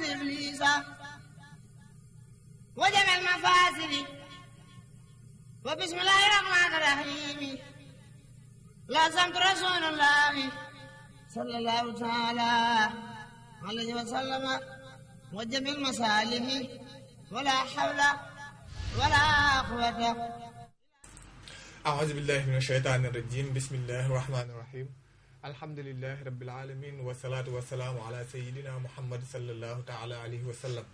نفس وجمع المفاسد وبسم الله الرحمن الرحيم لازمت رسول الله صلى الله تعالى عليه وسلم المصالح ولا حول ولا قوة أعوذ بالله من الشيطان الرجيم بسم الله الرحمن الرحيم alhamdulillahi rabbil alamin wasalaatu wasalaamu ala sayidina muhammad salallahu taala alayhi wa sallam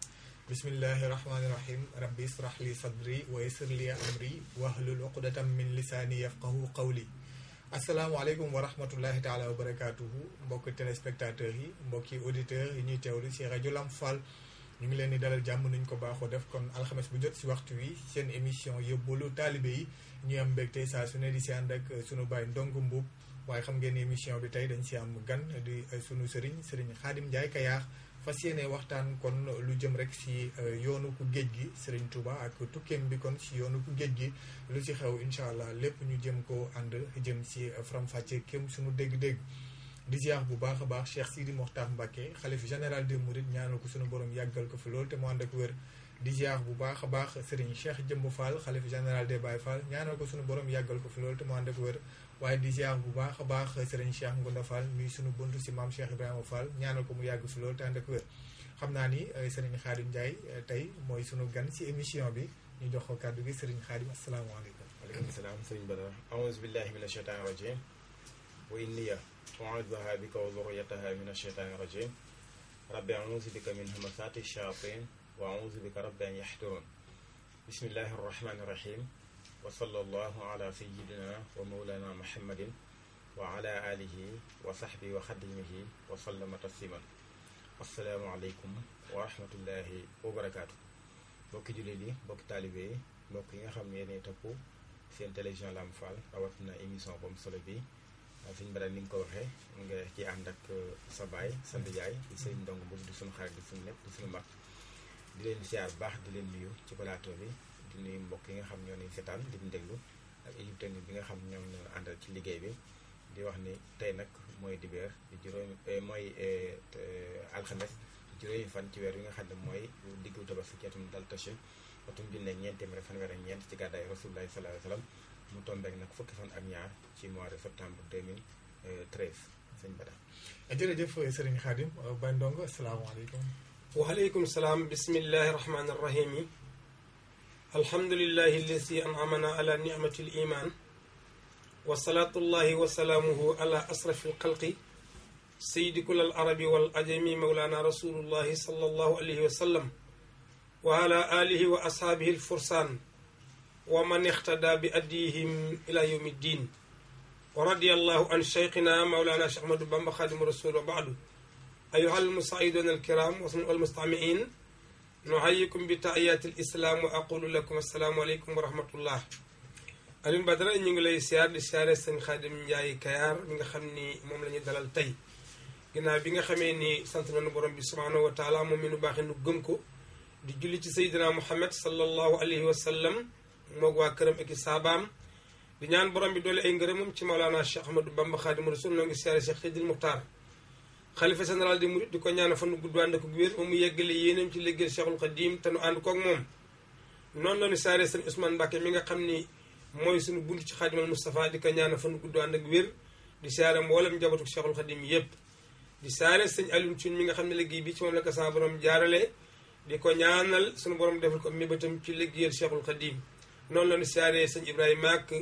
bismillahi rahmani rahim rabbi israh li sadri wa yassir li amri wahlul uqdatan min lisaani yafqahu qawli asalaamaaleykum wa rahmatullahi taala wa barakatuhu mbokki téléspectateurs yi mbokki auditeurs yi ñuy teewlu ci rajo Lamfal ñu ngi leen di dalal jàmm nuñ ko baaxoo def kon alxames bu jot si waxtu wi seen émission yóbbalu taalibe yi ñu am mbégte saa su ne di si ànd ak sunu bàyyi ndongo mbuub waaye xam ngeen émission bi tey dañ si am gan di euh, suñu sëriñ sëriñ Xaadim Ndiaye Kayaax fas yéene waxtaan kon lu jëm rek si euh, yoonu ku géej gi sëriñ tubaa ak tukkeem bi kon si yoonu ku géej gi lu si xew incha allah lépp ñu jëm ko ànd jëm si euh, faram-fàccee kéem sunu dégg-dégg. di ziar bu baax a baax Cheikh Sidi Mokhtar Mbacke xalif général des Mourides ñaanal ko sunu borom yàggal ko fi loolu te mu ànd wér. di ziar bu baax a baax Serigne Cheikh Jëmb Fall xalif général des Baye Fall ñaanal ko suñu borom yàggal ko fi loolu te mu ànd ak wér. waaye di ziar bu baax a baax sëriñ Cheikh Ngounda Fall muy sunu buntu si maam Cheikh Ibrahima Fall ñaanal ko mu yàgg fi loolu te ànd wér xam naa ni sëriñ Khadim Ndiaye tey mooy sunu gan si émission bi ñu jox ko kàddu gi sëriñ Xaadim asalaamaaleykum. waaleykum salaam sëriñ Bada. aouzu billahi mina shaytaani rajim wa inni ya inniya u'iiduha bika wa zurriyataha mina shaytaani rajim rabbi aouzu bika min hamasaati shayatin wa aouzu bika rabbi an yahduruun bismillahi rahmaani rahim وصلى الله على سيدنا ومولانا محمد وعلى آله وصحبه وخدمه وسلم تسليما السلام عليكم ورحمة الله وبركاته بوكي جليلي بوكي طالبي بوكي يخم يني تبو في انتليجان لامفال رواتنا إميسان بوم صلبي فين بلا نينكو وخي نغي كي عندك صباي سنبياي سيدنا دونغ بوك دي سنخارك دي سنلك دي سنمك دي لين سيار باح دي لين ليو تبلا توبي di nuyu mbokk yi nga xam ñoo ni seetaan di ñu déglu ak équipe technique bi nga xam ñoom ñoo àndal ci liggéey bi di wax ni tey nag mooy dibeer di juróomi eh, mooy eh, alxames juróomi fan ci weer wi nga xam ne mooy diggu tabaski ci atum dal tashi atum junne ñeent téeméer fanweer ak ñeent ci gàddaay rasulullahi sallallahu alayhi wasallam mu tombeek nag fukki fan ak ñaar ci mois de septembre 2013 eh, sëñ a jërëjëf sëriñ Xaadim Bay Ndongo asalaamaaleykum waaleykum salaam bismillahi rahmaani rahim الحمد لله الذي أنعمنا على نعمة الإيمان وصلاة الله وسلامه على أسرف الخلق سيد كل العرب والأجم مولانا رسول الله صلى الله عليه وسلم وعلى آله وأصحابه الفرسان ومن اختدى بأديهم إلى يوم الدين ورضي الله عن شيخنا مولانا شيخ أحمد بن خادم الرسول وبعد أيها المساعدون الكرام والمستمعين نحييكم بتحيات الاسلام واقول لكم السلام عليكم ورحمه الله الين بدر ني نغلي سيار دي سيار سن خادم نياي كيار ميغا خامني موم لا ني دالال تاي غينا بيغا خامي ني سانت نانو بروم بي سبحانه وتعالى موم مينو باخي نو گمكو دي جولي سي سيدنا محمد صلى الله عليه وسلم موغ وا كرم اكي صابام دي نان بروم بي دولي اي گرمم سي مولانا شيخ احمد بام خادم رسول الله سيار شيخ خديل مختار xalifa général di murit di ko ñaana fan gudd ànd ko wér ba mu yeggale yéenam ci liggéey Cheikhul Khadim te nu ànd koog moom noonu la ñu saare sëñ Ousmane Mbacke mi nga xam ni mooy suñu bunt ci xaadimal Moustapha di ko ñaana fan gudd ànd ak wér di saare mboolem njabootu Cheikhul Khadim yépp di saare sëñ Alioune Thioune mi nga xam ne liggéey bi ci moom la ko saa borom jaarale di ko ñaanal suñu borom defal ko mébatam ci liggéeyal Cheikhul Khadim noonu la ñu saare sëñ Ibrahima ak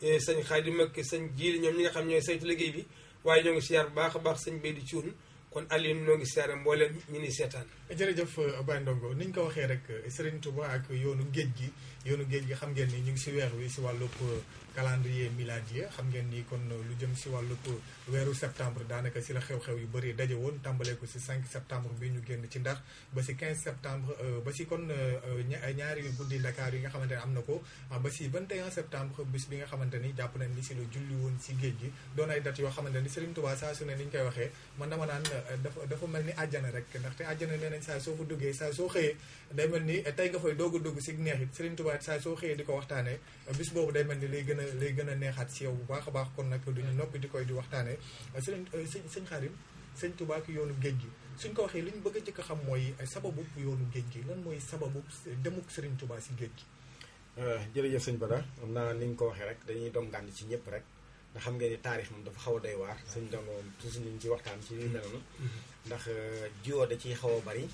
eh, sëñ Khadim ak sëñ Jiili ñoom ñi nga xam ñooy saytu liggéey bi waaye ñoo ngi siyaar bu baax a baax sëñ di Thioune kon Alioune ñoo ngi siyaare mboolem ñu ni seetaan. jërëjëf Baye Ndongo ni ñu ko waxee rek Serigne Touba ak yoonu géej gi yoonu géej gi xam ngeen ni ñu ngi si weex wi si wàllu wàllub calendrier miladier xam ngeen ni kon lu jëm si wàllu weeru septembre daanaka si la xew-xew yu bëri daje woon tàmbalee ko si 5 septembre bi ñu génn ci ndax ba si 15 septembre euh, ba si kon euh, ñaari guddi Dakar yi nga xamante ne am na ko ah, ba si 21 septembre bis bi nga xamante ni jàpp nañ ni si la julli woon si géej gi doon ay date yoo xamante ni Serigne Touba saa su ne ni ñu koy waxee man ma naan euh, dafa dafa mel ni àjjana rek ndaxte àjjana nee nañ saa soo fa duggee saa soo xëyee day mel ni tey nga fay doog a dugg si neex it Serigne Touba saa soo xëyee di ko waxtaanee bis boobu day mel ni lay gën a lay gën a neexaat si yow bu baax a baax kon nag duñu noppi di koy di waxtaanee Serigne sëñ sëñ Xaadim sëñ Touba ak yoonu géej gi suñ ko waxee li ñu bëgg a jëkk xam mooy sababu yoonu géej gi lan mooy sababu demuk sëriñ Touba si géej gi. Euh, jërëjëf sëñ Bada am naa ni nga ko waxee rek dañuy doon gànd ci ñëpp rek. nga xam nga ni taarix moom dafa xaw a doy waar suñ dongoom toujours ñu ci waxtaan ci mel noonu ndax euh, jiwoo da ciy xaw a bari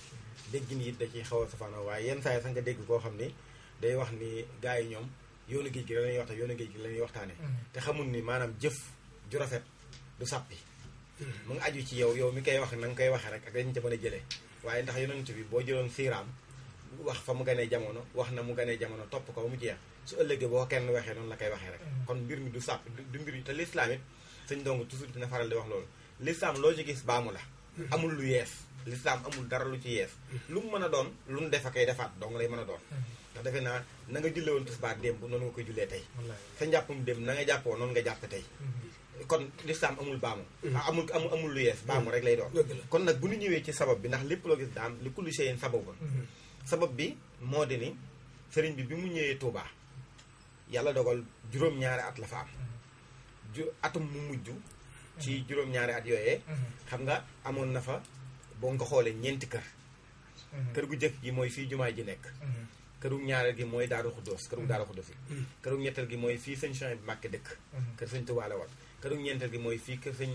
dégg ni it da ciy xaw a safaanoo waaye yenn saa yi sax nga dégg koo xam ni day wax ni gars yi ñoom yoonu géej gi la ñuy waxtaan yoonu géej gi la ñuy waxtaane mm-hmm. te xamul ni maanaam jëf ju rafet du sàppi mm-hmm. mu ngi aju ci yow yow mi koy wax na nga koy waxee rek ak dañ ca mën a jële waaye ndax yonent bi boo jëloon siiraam wax fa mu a jamono wax na mu ganee jamono topp ko ba mu jeex su ëllëgee boo kenn waxee noonu la koy waxee rek mm. kon mbir mi du sàpp du mbir te lislaam it sëñ dong toujours dina faral di wax loolu lislaam loo la mm. amul lu yees lislaam amul dara lu ci yees mm. lu mu mën a doon lu mu defa koy defaat dong lay mën a doon ndax defe naa na nga jullee woon tisbaar démb noonu nga koy jullee tey sa njàppum démb na nga jàppoo noonu nga jàpp tey kon lislaam amul baamu amul amul amul lu yees baamu rek lay doon kon nag bu ñu ñëwee ci sabab bi ndax lépp loo gis daam li kulli sabab bi moo di ni sëriñ bi bi mu ñëwee Touba yàlla dogal juróom-ñaari at la fa am ju atum mu mujj ci juróom-ñaari at yooyee xam nga amoon na fa boo nga xoolee ñeenti kër kër gu jëkk gi mooy fii jumaay ji nekk këru ñaareel gi mooy Daaru Xuddoos këru Daaru Xuddoos yi këru ñetteel gi mooy fii sañ Chouaïb bi Mbàkke dëkk kër sëñ Touba la woon këru ñeenteel gi mooy fii kër sëñ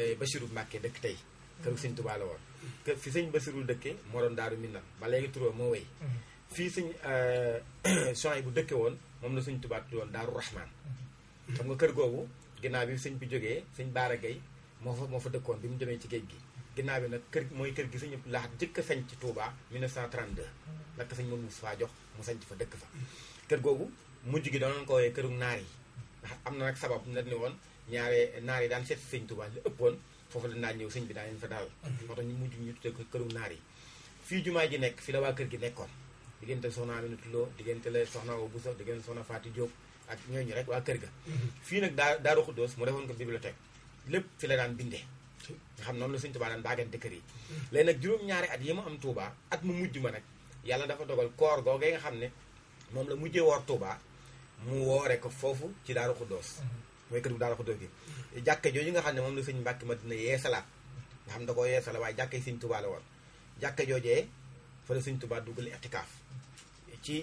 eh, Bachirou Mbàkke dëkk tey këru sëñ Touba woon kër fi ba Basirul dëkke moo doon daaru Minam ba léegi turoo moo wéy mhm. fii sëñ euh, soin bu dëkke woon moom na sëñ Tuubaa tudde woon daaru Rahman mhm. xam nga kër googu ginnaaw bi sëñ bi jógee sëñ Baara Gay moo fa moo fa dëkkoon bi mu demee ci géej gi ginnaaw bi nag kër mooy kër gi sëñ laxat jëkk a sañc Touba 1932 la ko sëñ moom Moustapha jox mu sañc fa dëkk fa mhm. kër googu mujj gi danoon ko woowee këru naar yi ndax am na nag sabab net ni woon ñaare naar yi daan seet sëñ Touba li ëppoon foofu la daan ñëw sëñ bi daan leen fa daal mm-hmm. moo tax mu mujj ñu tuddee ko kërum naar yi fii jumaa ji nekk fii la waa kër gi nekkoon diggante soxna Aminata Lo diggante la soxna Awa Bousso diggante soxna faati Diop ak ñooñu rek waa kër ga mm-hmm. fii nag daa daaru xuddoos mu defoon ko bibliothèque lépp fi la daan bindee nga xam noonu la sëñ Tuubaa daan baagante kër yi mm-hmm. léegi nag juróom-ñaari at yi mu am Tuubaa at mu mujj ma nag yàlla dafa dogal koor googee nga xam ne moom la mujjee woor Tuubaa mu woore ko foofu ci daaru xuddoos mooy kër gu daal xuddoo gi jàkke jooju nga xam ne moom la sëñ mbàkki madina yeesalaat nga xam da koo yeesala waaye jàkke sëñ tubaa la woon jàkke joojee fa la sëñ tubaa dugal itikaaf ci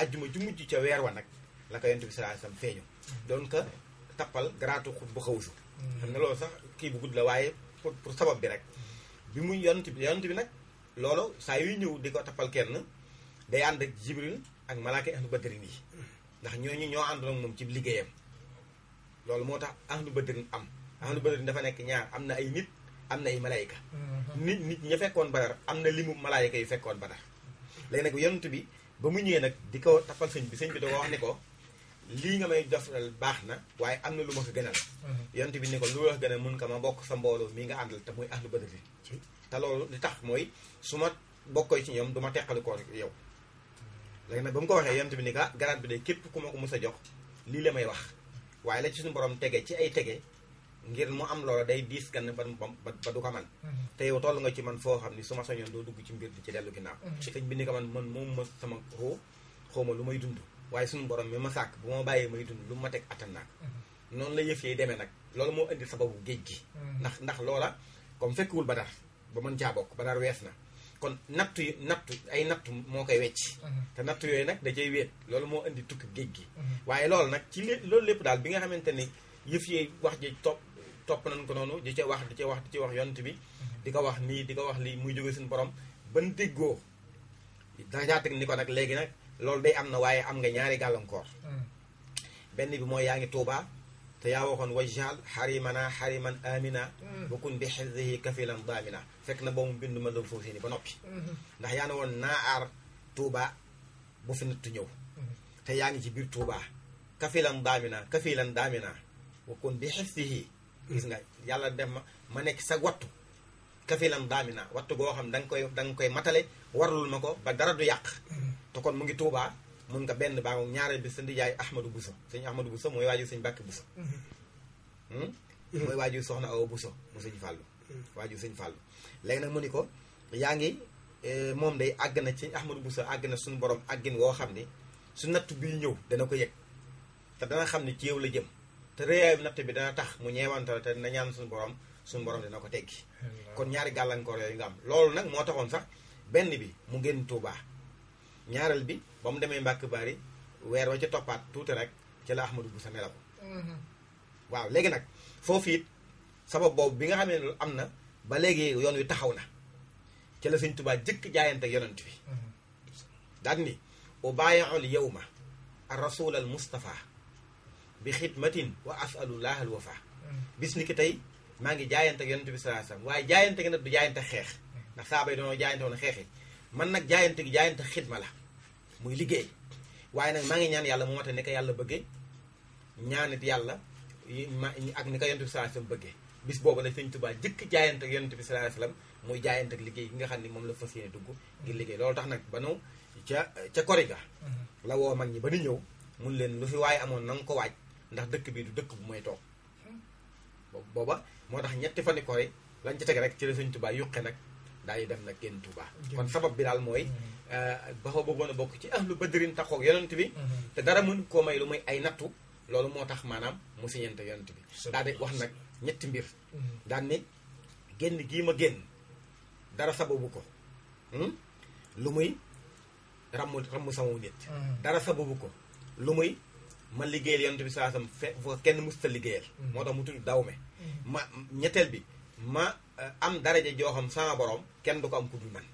ajjuma eh, ju mujj ca weer wa nag la ko yonent bi salaa sam feeñu doon ko tappal garaatu xut bu xawsu xam ne loolu sax kii bu gudd la waaye pour pour sabab bi rek bi mu yonent bi yonent bi nag loolu saa yuy ñëw di ko tappal kenn day ànd ak jibril ak malaaka ahlu badrin yi ndax ñooñu ñoo àndoon ak moom ci liggéeyam loolu moo tax ahlu badrin am ahlu badrin dafa nekk ñaar am na ay nit am na ay malayka mm-hmm. nit nit ña fekkoon badar am na li limu malayka yu fekkoon badar léegi nag yonent bi ba mu ñëwee nag di ko tappal sëñ bi sëñ bi da ko wax ne ko lii nga may jofal baax na waaye am na lu ma ko gënal mm-hmm. yonent bi ne ko lu la gënal mun ko ma bokk sa mbooloo mi nga àndal te muy ahlu badrin te loolu li tax mooy su ma bokkoo ci ñoom du ma teqalu ko yow léegi nag ba mu ko waxee yonent bi ni ko ah, garaat bi de képp ku ma ko mos a jox lii la may wax waaye la suñu borom tege ci ay tege ngir mu am loola day diis gan ba ba du ko man mhm. te yow toll nga ci man foo xam ni su ma soñoon doo dugg ci mbir di ci dellu ginnaaw mhm. sëñ bi ni ko man man moom ma sama xoo xawma lu may dund waaye suñu borom mi ma sàkk bu ma bàyyee may dund lu ma teg attan mhm. noonu la yëf yi demee nag loolu moo indi sababu géej gi ndax ndax loola comme fekkiwul badar ba man caa bokk badar wees na kon nattu yu nattu ay nattu moo koy wecc mhm. te nattu yooyu nag da cay wéet loolu moo indi tukki géej gi mhm. waaye loolu nag ci loolu lépp daal bi nga xamante ni yëf yi wax ji topp topp nañ ko noonu di ca wax di ca wax di ca wax yont bi mhm. di ko wax nii di ko wax lii muy jóge suñu borom ban déggoo danga teg ni ko nag léegi nag loolu de am na waaye am nga ñaari gàllankoor benn bi mooy yaa ngi tuubaa te yaa waxoon wajal xarimana xariman amina bukun mm. bi xifdihi kafilan damina fekk na boobu bindu ma dom foofu ba noppi mm-hmm. ndax yaa ne woon naa aar tuuba bu fi natt ñëw mm-hmm. te yaa ngi ci biir tuuba kafilan damina kafilan damina bukun bi xifdihi gis nga yàlla def ma nekk sa wattu kafilan damina wattu goo xam da nga koy da koy matale warlul ma ko ba dara du yàq mm-hmm. te kon mu ngi tuuba mun nga benn baa ngoog ñaareel bi sa ndijaay Ahmadou Bousso sëñ Ahmadou Bousso mooy waajur sëñ Bàkke Bousso mhm. Hmm? Mhm. mooy waajur soxna Awa Bousso mu sëñ Fàllu mhm. waajur sëñ Fàllu léegi nag mu ni ko yaa ngi eh, moom day àgg na ci Ahmadou Bousso àgg na suñu borom àggin woo xam ni su natt bi ñëw dana ko yëg te dana xam ne ci yow la jëm te réyaayu natt bi dana tax mu ñeewantal te dina ñaan suñu borom suñu borom dina ko teggi kon ñaari gàllankoor yooyu nga am loolu nag moo taxoon sax benn bi mu génn Tuubaa ñaaral bi ba mu demee Mbàkke Bari weer wa ci toppaat tuuti rek ci la Ahmadou Bousso melaw waaw léegi nag foofu it sabab boobu bi nga xam ne loolu am na ba léegi yoon wi taxaw na ci la Sëñ Tuubaa jëkk jaayante ak yonent bi daan ni ubaayi'ul yawma ar-rasul al-mustafa bi xidmatin wa asalu as'alullah al-wafa bis ni ki tey maa ngi jaayante ak yonent bi sallallahu alayhi wasallam waaye jaayante gi nag du jaayante xeex ndax saaba yi dañoo jaayante woon xeex man nag jaayante gi jaayante xidma la muy liggéey waaye nag maa ngi ñaan yàlla mu mate nekk yàlla bëggee ñaanit yàlla ak ni ko yonent bi sallallahu alayhi bëggee bis boobu la sëñ tubaa jëkk jaayante ak yonent bi sallallahu alayhi wasallam muy jaayante ak liggéey gi nga xam ne moom la fas yéene dugg ngir liggéey loolu tax nag ba nu ca ca kori ga mm-hmm. la woo mag ñi ba nu ñëw mun leen lu fi waaye amoon na ko waaj ndax dëkk bii du dëkk bu may toog mm-hmm. booba moo tax ñetti fani kori lañ ca teg rek ci la sëñ Tuubaa nag day dem na géntu ba kon sabab bi daal mooy baxoo bëggoon a bokk ci ahlu badrin taxoog yonent bi mm-hmm. te dara mën koo may lu muy ay nattu loolu moo tax maanaam mu yonent bi daal di wax nag ñetti mbir mm-hmm. daan ni génn gii ma génn dara sababu ko hmm? lu muy ramu ramm sama nit mm-hmm. dara sababu ko lu muy ma liggéeyal yonent bi saasam fe kenn musta liggéeyal moo tax mu tudd dawme ma ñetteel bi ma eh, am daraja joo xam sama borom kenn du ko am ku dul man.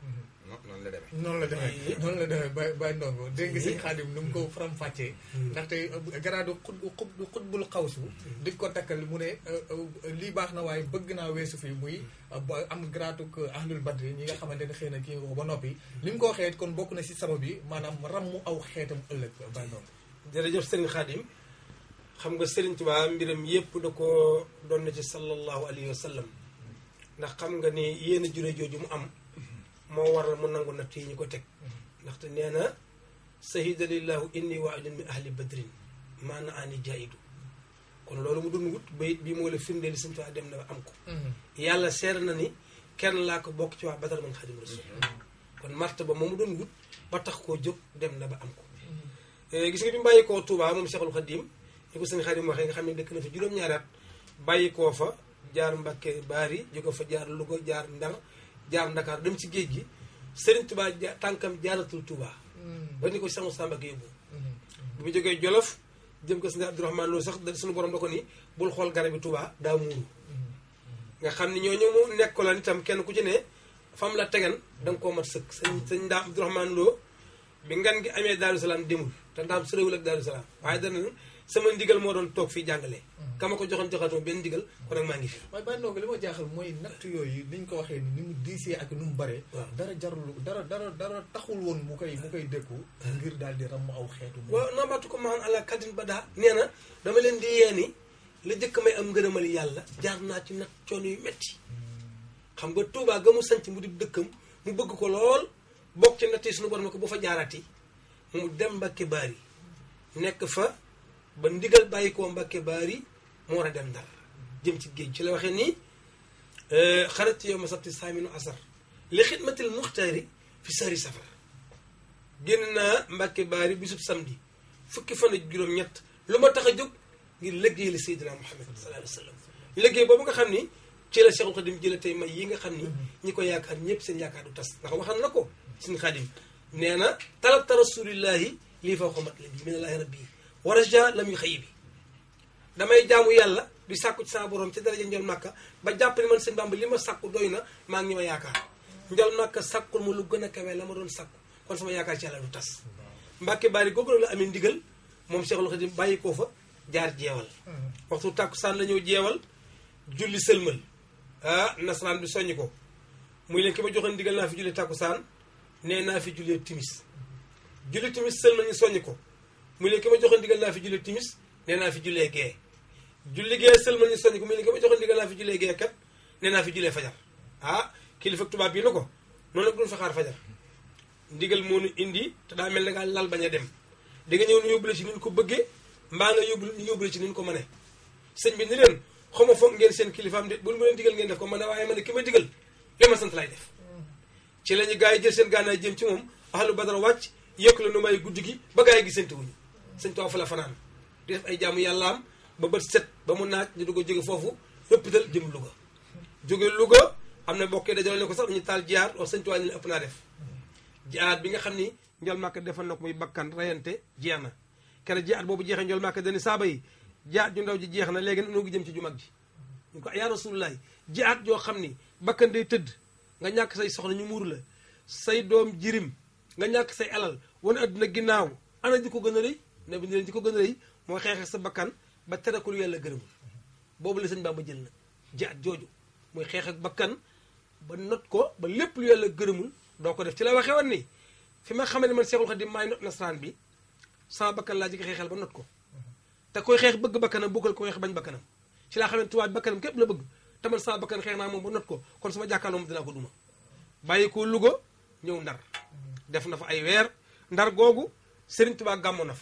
Mm-hmm. noonu la demee noonu la demee noonu la demee Baye Baye Ndongo dégg nga sëñ Xaadim nu mu ko faram-fàccee. Mm-hmm. ndaxte eh, garaadu xut xutbul xawsu. Mm-hmm. di ko takkal mu ne eh, li baax na waaye bëgg naa weesu fii muy am garaatu ahlul badri ñi nga xamante ne xëy na kii nga ba noppi. li mu ko waxee kon bokk na si sabab yi maanaam ram mu aw xeetam ëllëg Baye Ndongo. jërëjëf sëñ Xaadim. xam nga Serigne Touba mbiram yépp da ko doon na ci sallallahu alayhi wa sallam ndax xam nga ni yéen a jure jooju mu am moo waral mu nangu natt yi ñu ko teg ndaxte nee na sahida lillahu inni waidun min ahli badrin maana ani jaidu kon loolu mu dun wut bayit bi moo la firndeel Serigne Touba dem na ba am ko yàlla seer na ni kenn laa ko bokk ci waa Badar man xadim rasul kon martaba mu dun wut ba tax koo jóg dem na ba am ko gis nga bi mu bàyyi koo Touba moom Cheikhul Khadim li ko xarit Xaadim waxee nga xam dekk na fi juroom ñaari at bàyyi koo fa jaar mbacke bari jóge fa jaar lugo jaar Ndar jaar dakar dem ci geej gi serigne touba tankam jaaratul touba mm. ba ni ko sama Samba geebu bu mu Jolof dem ko sëñ abdourahman lo sax da sunu borom da ko ni bul xol garabi touba da muuru mm-hmm. nga xamni ne ñooñu mu nekko la itam kenn ku ci ne fam la tegen dang ko mat sëkk sëñ sëñ Lo bi ngan gi amé Daaru Salaam demul te ndaam serewul ak Daaru waye da na sama ndigal mo doon toog fii jàngale hmm. kama ko joxoon joxaatuma benn ndigal kon nag maa ngi fi waaye bàyyi ndongo li ma jaaxal mooy natt yooyu niñ ko waxee ni mu diisee ak ni mu bare dara jarul dara dara dara taxul woon mu koy mu koy dëkku ngir daal di ram aw xeetu waaw nambaatu ko maan ala kadin ba daa nee na dama leen di yeeni la jëkk may am ngërëmal yàlla jaar naa ci nag coono yu metti hmm. xam nga Touba ga mu sanc mu di dëkkam mu bëgg ko lool bokk ci natt yi borom ko bu fa jaarati mu dem ba kibaar yi nekk fa ba ndigal bàyyi koo Mbàkke Baari mu war a dem Ndar jëm ci géej ci la waxee nii euh, xarat yow ma sabti saaminu asar li xidmatil muxtaari fi sari safar génn naa Mbàkke Baari bisub samedi fukki fan ak juróom-ñett lu ma tax a jóg ngir liggéey la Seydina Muhammad sa alayhi wa sallam liggéey boobu nga xam ni ci la Cheikhul Khadim jëla tey may yi nga xam ni ñi ko yaakaar ñëpp seen yaakaar du tas ndax waxan na ko suñu Khadim nee na talabta rasulillahi lii foo ko mat la bi waraja lam yu xëy bi damay jaamu yàlla di sàkku ci saa borom ci daraja njol màkka ba jàpp ne man sëñ Bàmba li ma sàkku doy na maa ngi ñu ma yaakaar njol màkka sàkkul ma lu gën a kawe la ma doon sàkku kon yaakaar ci yàlla du tas mbàkke bari googu la ndigal moom Cheikhul Khadim bàyyi koo fa jaar jeewal waxtu tàkkusaan la ñëw jeewal julli sëlmal ah nasaraan bi soññ ko muy leen ki ma a ndigal naa fi julli tàkkusaan nee naa fi julli timis julli timis sëlmal ñu soññ ko mu ne ki ma joxoon digal naa fi julli timis nee naa fi jullee gee julli gee sëlmal ñu soññ ko mu ne ki ma joxoon digal naa fi jullee gee kat nee naa fi jullee fajar ah kilifa tubaab yi na ko noonu nag duñ fa xaar fajar ndigal moo nu indi te daa mel na ngaa lal bañ dem di nga ñëw nu yóbbule ci ni ñu ko bëggee mbaa nga yóbbu ñu yóbbule ci ni ñu ko mënee sëñ bi ni leen xawma foog ngeen seen kilifaam de bu mu leen digal ngeen def ko man ne waaye man ne ki ma digal li ma sant laay def ci la ñu gaa yi jël seen gànnaay jëm ci moom ahlu badara wàcc yëkk la nu may guddi gi ba gaa yi gisante wuñu sëñ Tuubaa fa la fanaan di def eh, ay yalla am ba ba set ba mu naaj ñu dugg jige fofu hôpital jëm Louga jóge Louga am na mbokk yi dajale ne ko sax ñu tal jiar o sëñ Tuubaa ne ëpp na def jiar bi nga xamni ñol mak defal nako muy bakkan rayante jeex kala jiar bobu jeexal ñol mak dañu dani saaba jiar ju ndaw ji jeex na léegi noo ngi jëm ci ju mag ji ñu ko ya rasulullah jiar jo xamni bakkan day teud nga ñak say soxna ñu la say dom jirim nga ñak say alal won aduna ginaaw ana ji ko ne bi leen ci ko gën a mooy xeex sa bakkan ba tere ko lu yàlla boobu la sëñ Bamba jël na jaat jooju muy xeex bakkan ba not ko ba lépp lu yàlla gërëmul doo ko def ci la waxee woon ni fi ma xamee ne man Seexul Xadim maay not nasaraan bi sama bakkan laa jëkk xeexal ba not ko te koy xeex bëgg bakkanam bokkal ko xeex bañ bakkanam ci laa xamee tubaab bakkanam képp la bëgg te man sama bakkan xeex naa moom ba not ko kon sama jàkkaarloo moom dinaa ko duma bàyyi ko Louga ñëw ndar def na fa ay weer ndar googu Serigne Touba gàmmo na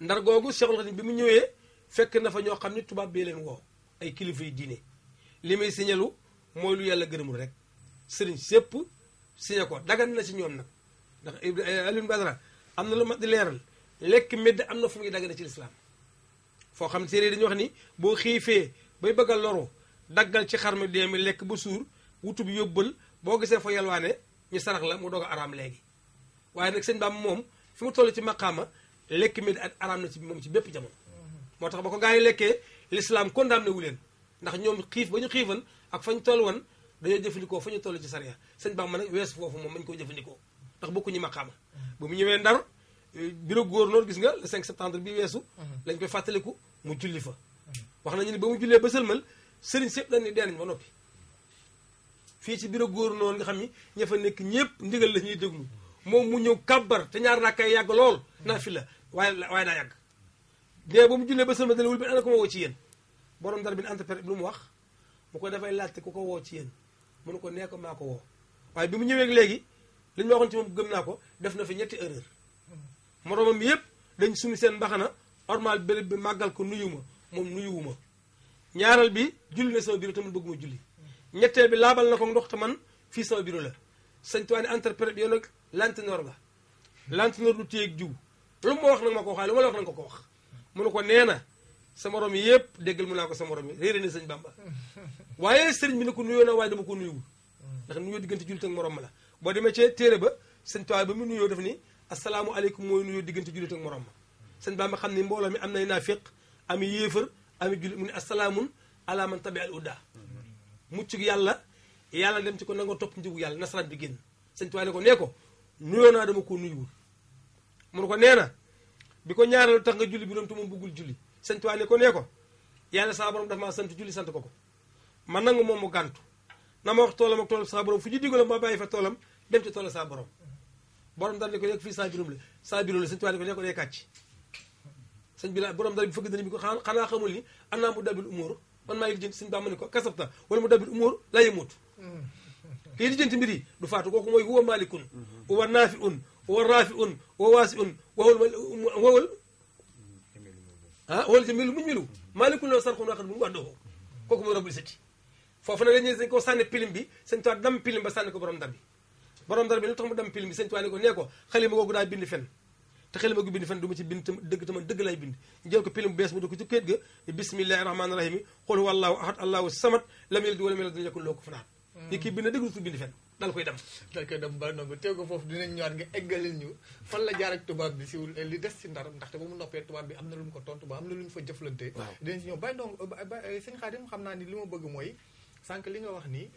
ndar googu Cheikhul Khadim bi mu ñëwee fekk na fa ñoo xam ne tubaab bee leen woo ay kilifa yu diine li muy siñalu mooy lu yàlla gërëmul rek sëriñ sépp siñe ko dagan na ci ñoom nag ndax eh, Alioune Badara am na lu ma di leeral lekk medd am na fu muy daggane ci lislaam foo xam séeréer dañuy wax ni boo xiifee bay bëgg a loro daggal ci xar mi dee mi lekk bu suur wutub yóbbal boo gisee fa yalwaane ñu sarax la mu doog a araam léegi waaye nag sëñ Bamba moom fu mu toll ci maqaama lekk mi ak araam na ci moom ci bépp jamono. moo tax ba ko gaa yi lekkee l'islam condamné wu leen ndax ñoom xiif ba ñu xiifan ak fañ toll woon dañoo jëfandikoo fa ñu toll ci sariya sëñ Bamba nag weesu foofu moom mañ ko jëfandikoo ndax bokkuñu maqaama mm-hmm. ba mu ñëwee ndar bureau gouverneur gis nga le 5 bi weesu mm-hmm. lañ koy fàttaliku mu julli fa mm-hmm. wax nañu ne ba mu jullee ba sëlmal sëriñ sépp dañ ne dee nañ ba noppi fii ci góor gouverneur nga xam ni ña fa nekk ñëpp ndigal la ñuy déglu moom mu ñëw kàbbar te ñaar rakkay yàgg lool naa fi la waaye waaye daa yàgg de ba mu jullee ba sëlma dana wul bi ana ko ma woo ci yéen borom dara bi ne entrepreneur bi lu mu wax mu ko dafay laajte ko ko woo ci yéen mu ne ko nee ko maa ko woo waaye bi mu ñëweek léegi li ñu gëm naa ko def na fi ñetti erreur moromam yëpp dañ sumi seen mbaxana ormal béréb bi màggal ko nuyu ma moom nuyuwu ma ñaaral bi julli na sama tam te man bëgguma julli ñetteel bi laabal na ko ndox te man fii sama bureau la sañ tuwaa ne entrepreneur bi yow nag lantinoor nga lantinoor du téyeeg jiw lu ma wax nag ma ko wax waaye lu ma nanga ko ko wax mu ne ko nee na sa morom yëpp déggal mu naa ko sa morom yi réeré na sëñ Bamba waaye bi ne ko nuyoo na waaye ko nuyuwul ndax nuyoo diggante jullit ak morom la boo demee ci téere ba sëñ Tuubaa ba mu nuyoo def ni asalaamualeykum mooy nuyoo diggante jullit ak morom ma sëñ xam ne mbooloo mi am nay naafiq ami yéefar ami jullit mu ne asalaamun ala man tabi al yàlla yàlla dem ci ko nanga topp njigu yàlla nasaraan bi génn sëñ Tuubaa ne ko nee ko nuyoo naa dama ko nuyuwul mun ko neena na bi ko ñaareel tax nga julli bi doon te moom bëggul julli sant wa ne ko ne ko yalla sa borom daf ma sant julli sant ko ko man nang mom mu gantu na ma wax tolam ak tolam sa borom fu ñu digol ma bàyyi fa tolam dem ci tolam sa borom borom dal ni ko yek fi sa biróom le sa biróom le sant wa ne ko ne ko day katch sëñ bi la borom dal bi fëgg dana bi ko xana xamul ni am mu dabil umur man ko kasafta wala mu dabil umur la mm. ki di mbiri du faatu koku moy huwa malikun huwa nafi'un هو الرافع وواسع وهو المل... هو ها هو الجميل المجمل مالك لو سرق ناخذ من وحده كوك مو رب السيتي فوف نا ني سانكو سان بيلم بي سنتو دام بيلم با سانكو بروم دام بي بروم دار بي بيلم بي سنتو عليكو نيكو خليما غوغو دا بيند فن تخليما غو بيند فن دوما سي بنت دغ تما دغ لاي بيند نجيلكو بيلم بيس مو دوكو كيتغا بسم الله الرحمن الرحيم قل هو الله احد الله الصمد لم يلد ولم يلد لكم لوك فنان ني كي بيند دغ dal koy dem dal koy dem ba nangu teew ko foofu dinañ ñëwaat nga eggalil ñu fan la jaar ak tubaab bi si li des si ndar ndaxte ba mu noppee tubaab bi am na lu mu ko tontu ba am na lu ñu fa jëflante dinañ si ñëw bàyyi donc sëñ Xaadim xam naa ni li ma bëgg mooy sànq li nga wax nii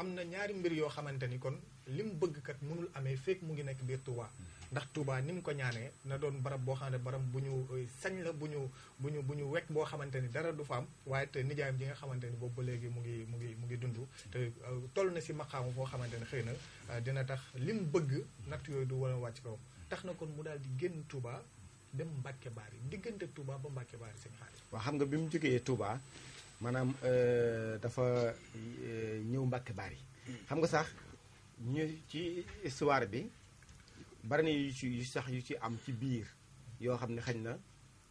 am na ñaari mbir yoo xamante ni kon li mu bëgg kat mënul amee fekk mu ngi nekk biir Tuubaa ndax touba nim ko ñaané na doon barab bo xamné barab buñu euh, sañ la buñu buñu buñu ñu bo xamanteni dara du fam waye waaye te nijaayam ji nga xamanteni bobu boobu mu ngi mu ngi mu ngi dundu te euh, tollu na ci xamanteni xeyna euh, dina tax lim bëgg natt yoy du wala wacc kaw tax na kon mu dal di genn touba dem mbàkke baar yi touba ba mbàkke baar yi seen wa xam nga bi mu touba euh dafa ñew mbàkke baar yi hmm. xam nga sax ñu ci histoire bi bari na yu sax yu ci am ci biir yoo xam ne xañ na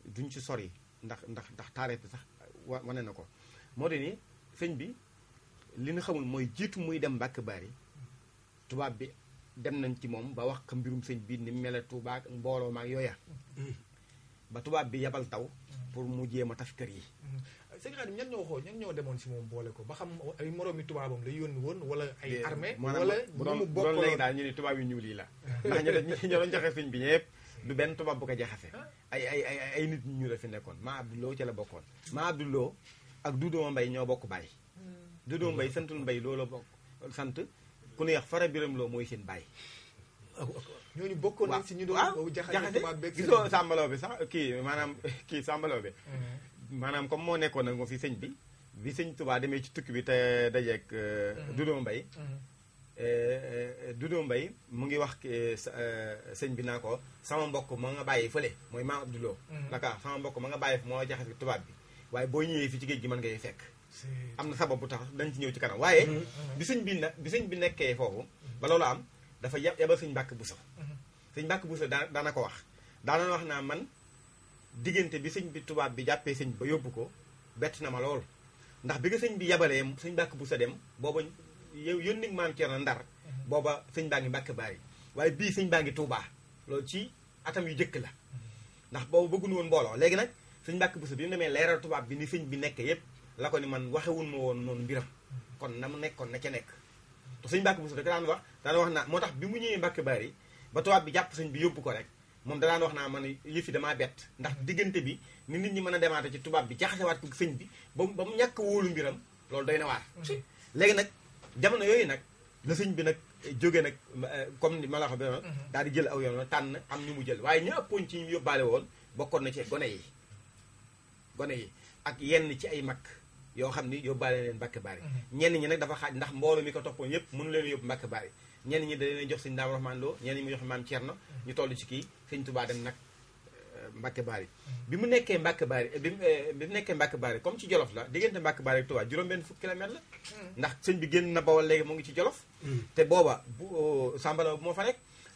duñ ci sori ndax ndax ndax taarix bi sax wane na ko moo di ni sëñ bi li ñu xamul mooy jiitu muy dem Mbàkke Bari tubaab bi dem nañ ci moom ba wax mbirum sëñ bi ni mele Tuubaa mbooloo maak yooya mm. ba tubaab bi yabal taw pour mu jéem a taf kër yi mm. sëñ Xaadim ñan ñoo xoo ñan ñoo demoon si moom boole ko ba xam ay moroomi tubaabam la yónni woon wala ay armée wala ñu mu bokk léegi daal ñu ne tubaab yu ñuul yi la ndax ñu doon jaxe sëñ bi ñëpp du benn tubaab bu ko jaxase ay ay ay ay nit ñu la fi nekkoon maa Abdouloo ca la bokkoon maa Abdouloo ak Dudu Mbay ñoo bokk bàyyi hmm. Dudu Mbay santul Mbay loolu bokk sant ku neex fara biram loo mooy seen bàyyi ñooñu bokkoon nañ si ñu doon ah, jaxase tubaab beeg gisoo sàmbaloo bi sax kii maanaam kii sàmbaloo bi hmm. maanaam comme moo nekkoon na moom fi sëñ bi bi sëñ Tuubaa demee ci tukki bi te dajeek du Mbay Dudo Mbay mu ngi wax euh, euh, sëñ bi naa ko sama mbokk ma nga bàyyi fële mooy maam Abdouloo mhm. naka sama mbokk ma nga bàyyi moo jaxas bi tubaab bi waaye boo ñëwee fi ci géej gi man ngay fekk am na sabab bu tax dañ ci ñëw ci kanam waaye mhm. Mhm. bi sëñ bi nag bi bi nekkee foofu ba loolu am dafa yab yabal sëñ Mbàkke Buso sëñ Mbàkke Buso daa ko wax daana wax naa man digënté bi sëñ bi tubaab bi jàppee sëñ ba yóbbu ko bett na ma lool ndax bi nga sëñ bi yabalé sëñ bàkk bu sa dem booba yow yónni maam Thierno Ndar booba sëñ baa ngi mbàkk baari waaye bii sëñ baa ngi Touba loolu ci atam yu jëkk la ndax bëggu bëgguñu woon mbooloo léegi nag sëñ bàkk bu sa bi mu demee leeral tubaab bi ni sëñ bi nekk yépp la ko ni man waxewun ma woon noonu mbiram kon na mu nekkoon na ca nekk te sëñ bàkk bu sa daan wax daan wax na moo tax bi mu ñëwee mbàkk baari ba tubaab bi jàpp sëñ bi yóbbu ko rek moom danaan wax naa man fi damaa bett ndax diggante bi ni nit ñi mën a demaate ci tubaab bi jaxasewaat ko sëñ bi ba ba mu ñàkk wóolu mbiram loolu day na waar mm-hmm. léegi nag jamono yooyu nag la sëñ bi nag jóge nag eh, comme ni ma la wax bi mm-hmm. daal di jël aw yoon tànn am ñu mu jël waaye ñu ëppoon ci ñu yóbbaale woon bokkoon na ci gone yi gone yi ak yenn ci ay mag yoo xam ni yóbbaale leen mbàkke baari mm-hmm. ñenn ñi nag dafa xaaj ndax mbooloo mi ko toppoon yëpp mënu leen yóbbu mbàkke baari ñenn ñi da leen jox sëñ Daam Rahmaan Lo ñenn ñi mu jox maam Thierno ñu toll ci kii sëñ Touba dem nag euh, Mbacke Bari mm-hmm. bi mu nekkee Mbacke Bari bi euh, bi mu nekkee Mbacke comme ci Jolof la diggante Mbacke Bari ak Touba juróom-benn fukki kilomètre mm-hmm. ndax sëñ bi génn na Bawol léegi mu ngi ci Jolof mm-hmm. te booba bu euh, Samba la moo fa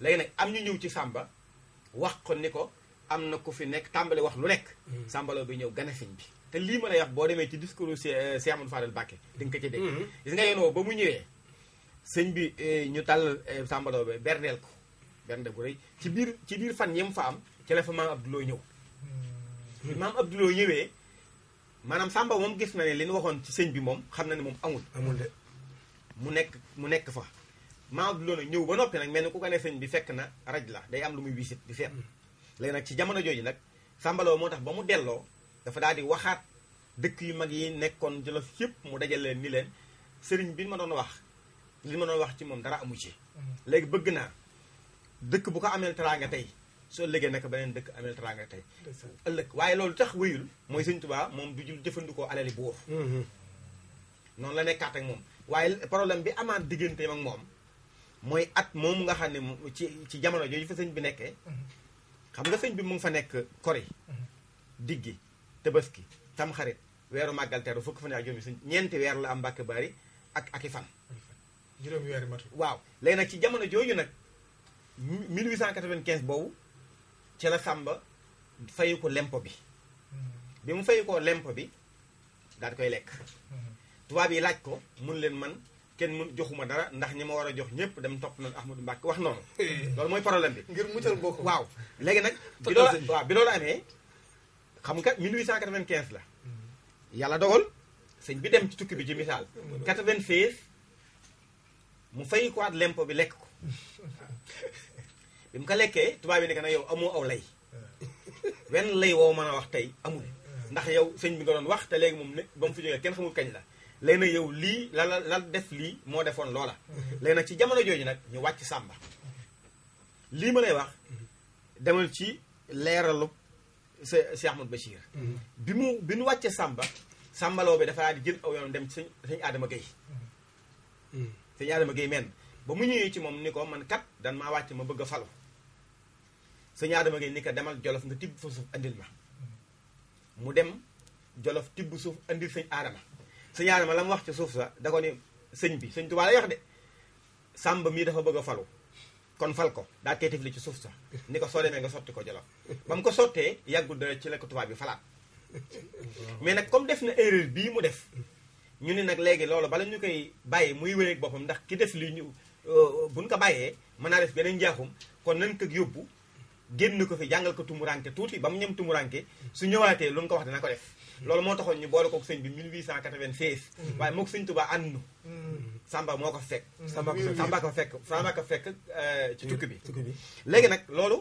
léegi nag am ñu ñëw ci Samba wax ko ni ko am na ku fi nekk tàmbali wax lu nekk Sambalaw bi ñëw gane bi te lii ma lay boo demee ci discours Cheikh Amadou Fadel Mbacke di ko ci dégg gis nga yéen ba mu ñëwee sëñ bi eh, ñu tàll eh, Samba Laobé berndeel ko bernde bu rëy ci biir ci biir fan yi mu fa am ci la fa maam Abdoulaye ñëw. bi hmm. maam Abdoulaye ñëwee maanaam Samba moom gis na ne li ñu waxoon ci sëñ bi moom xam na ne moom amul. amul de mu nekk mu nekk fa. maam Abdoulaye ñëw ba noppi nag mel ni ku ko ne sëñ bi fekk na raj la day am lu muy wisit di seet. Hmm. léegi nag ci jamono jooju nag Samba moo tax ba mu delloo dafa daal di waxaat dëkk yu mag yi nekkoon Jolof yëpp mu dajale leen ni leen sëriñ bi ma doon wax. li ma doon wax ci moom dara amu ci. Mhm. léegi bëgg naa dëkk bu ko ameel teraanga tey soo légee nag beneen dëkk ameel teraanga tey. ëllëg waaye loolu tax wéyul mooy sëñ Tuubaa moom du jul jëfandikoo alali buur. Mhm. noonu la nekkaat ak moom waaye problème bi amaan diggante ak moom mooy at moom nga xam ne ci ci jamono jooju fa sëñ bi nekkee. Mhm. xam nga sëñ bi mu ngi fa nekk kori. diggi tabaski tamxarit weeru màggal teeru fukk fan ak juróom yi ñeenti weer la am bari ak ak juróomi weer mat waaw léegi nag ci jamono jooju nag 1895 boobu ci la sàmba fayu ko lempo bi hmm. bi mu fayu ko lempo bi daal koy lekk hmm. tubaab yi laaj ko mun leen man kenn mun joxuma dara ndax ñi ma war a jox ñëpp dem topp nañ Ahmadou Mbacke wax noonu loolu mooy problème bi ngir boo bokk waaw léegi nag bi loolu waaw bi loolu amee xam nga 1895 la hmm. yàlla dogal sëñ bi dem ci tukki bi ci misaal 96 mu fay ko at lempo bi lekk ko bi mu ko lekkee tubaab yi ne ko nag yow amoo aw lay wenn lay woo mën a wax tey amul ndax yow sëñ bi nga doon wax te léegi moom ne ba mu fi jógee kenn xamul kañ la léegi nag yow lii la la la def lii moo defoon loola léegi nag ci jamono jooju nag ñu wàcc sàmba lii ma lay wax demal ci leeralu Cheikh Ahmadou Bachir bi mu bi mu wàccee sàmba sàmbaloo bi dafa jël aw yoon dem ci sëñ sëñ aadama Gueye hmm. sëñ Adama Guèye men ba mu ñëwé ci mom ni man kat dan ma wacc ma bëgg falu sëñ Adama Guèye ni ko demal jolof nga tibb fa suuf andil ma mu dem jolof tibb suuf andil sëñ Adama Adama lam wax ci suuf sa da ko ni sëñ bi sëñ tuba lay wax de samba mi dafa bëgg falu kon fal ko da koy li ci suuf sa ni ko soo demee nga sotti ko jolof bam ko sotté yagul da ci la ko tuba bi falat mais nak comme def na erreur bi mu def ñu ne nag léegi loolu bala ñu koy bàyyi muy wéy ak boppam ndax ki def li ñu euh, buñ ko bàyyee mën a def beneen njaaxum kon nañ ko yóbbu génn ko fi jàngal ko tumuranke tuuti ba mu ñem tumuranke su ñëwaatee lu ñu wax dina ko def loolu moo taxoon ñu boole ko sëñ bi 1896 waaye moo ko sëñ Tuubaa ànd nu Samba moo ko fekk Samba ko fekk Samba ko fekk euh, ci tukki bi bi léegi nag loolu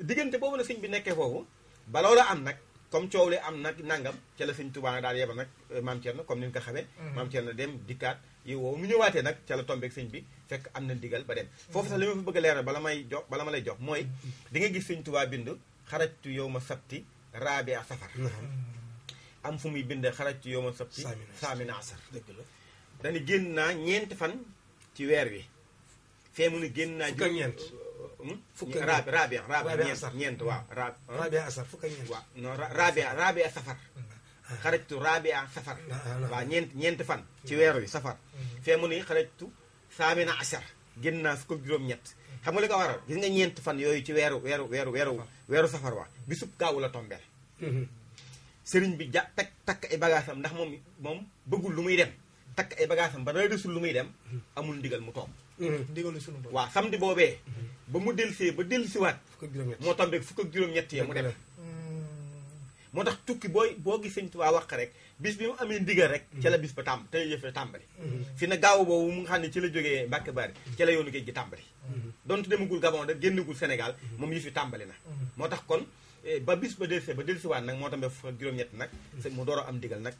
diggante boobu na sëñ bi nekkee foofu ba loolu am nag comme coow li am nag nangam ca la sëñ Tuubaa daal yebal nag euh, maam Thierno comme ni ko xamee. Mm-hmm. maam Thierno dem dikkaat yow woowu mu ñëwaatee nag ca la tombeeg sëñ bi fekk am na ndigal ba dem. Mm-hmm. foofu sax li fa bëgg a leeral bala may jox bala ma lay jox mooy mm-hmm. di nga gis sëñ Tuubaa bind a safar. am fu muy bindee xarajtu yow ma sabti. saamina asar dëgg la dañu génn naa ñeenti fan ci weer wi. fee mu ne génn naa. fukk ñeent Hmm? fukk rabi rabi rabi ñeent ñeent waaw rabi asar fukk ak ñeent waaw non rabi rabi safar xarajtu ah. rabi safar ah, ah, waaw ñeent ñeent fan hmm. ci weer wi safar hmm. fee mu ni xarajtu saamina asar génn naa fukk ak juróom ñett xam nga li ko waral gis nga ñeent fan yooyu ci weeru weeru weeru weeru weeru safar waa bisub gaawu la tombeel sëriñ bi ja takk takk ay bagaasam ndax moom moom bëggul lu muy dem takk Mm-hmm. ndigalu sunu borom waaw samedi boobee mm-hmm. ba mu dellusee ba dellusiwaat moo tombeek fukk ak juróom-ñett yee mu dem mm. moo tax tukki booy boo gis sëñ waa wax rek bis bi mu amee ndigal rek mm-hmm. ca la bis ba tàmb tey yëf la tàmbali fi na gaaw boobu mu nga xam ne ci la jógee Mbàkke Bari ca la yoonu géej gi tàmbali donte demagul Gabon da génnagul Sénégal moom yëf yi tàmbali na moo tax kon eh, ba bis ba dellusee ba dellusiwaat nag moo tombeek fukk ak juróom-ñett nag mu door am ndigal nag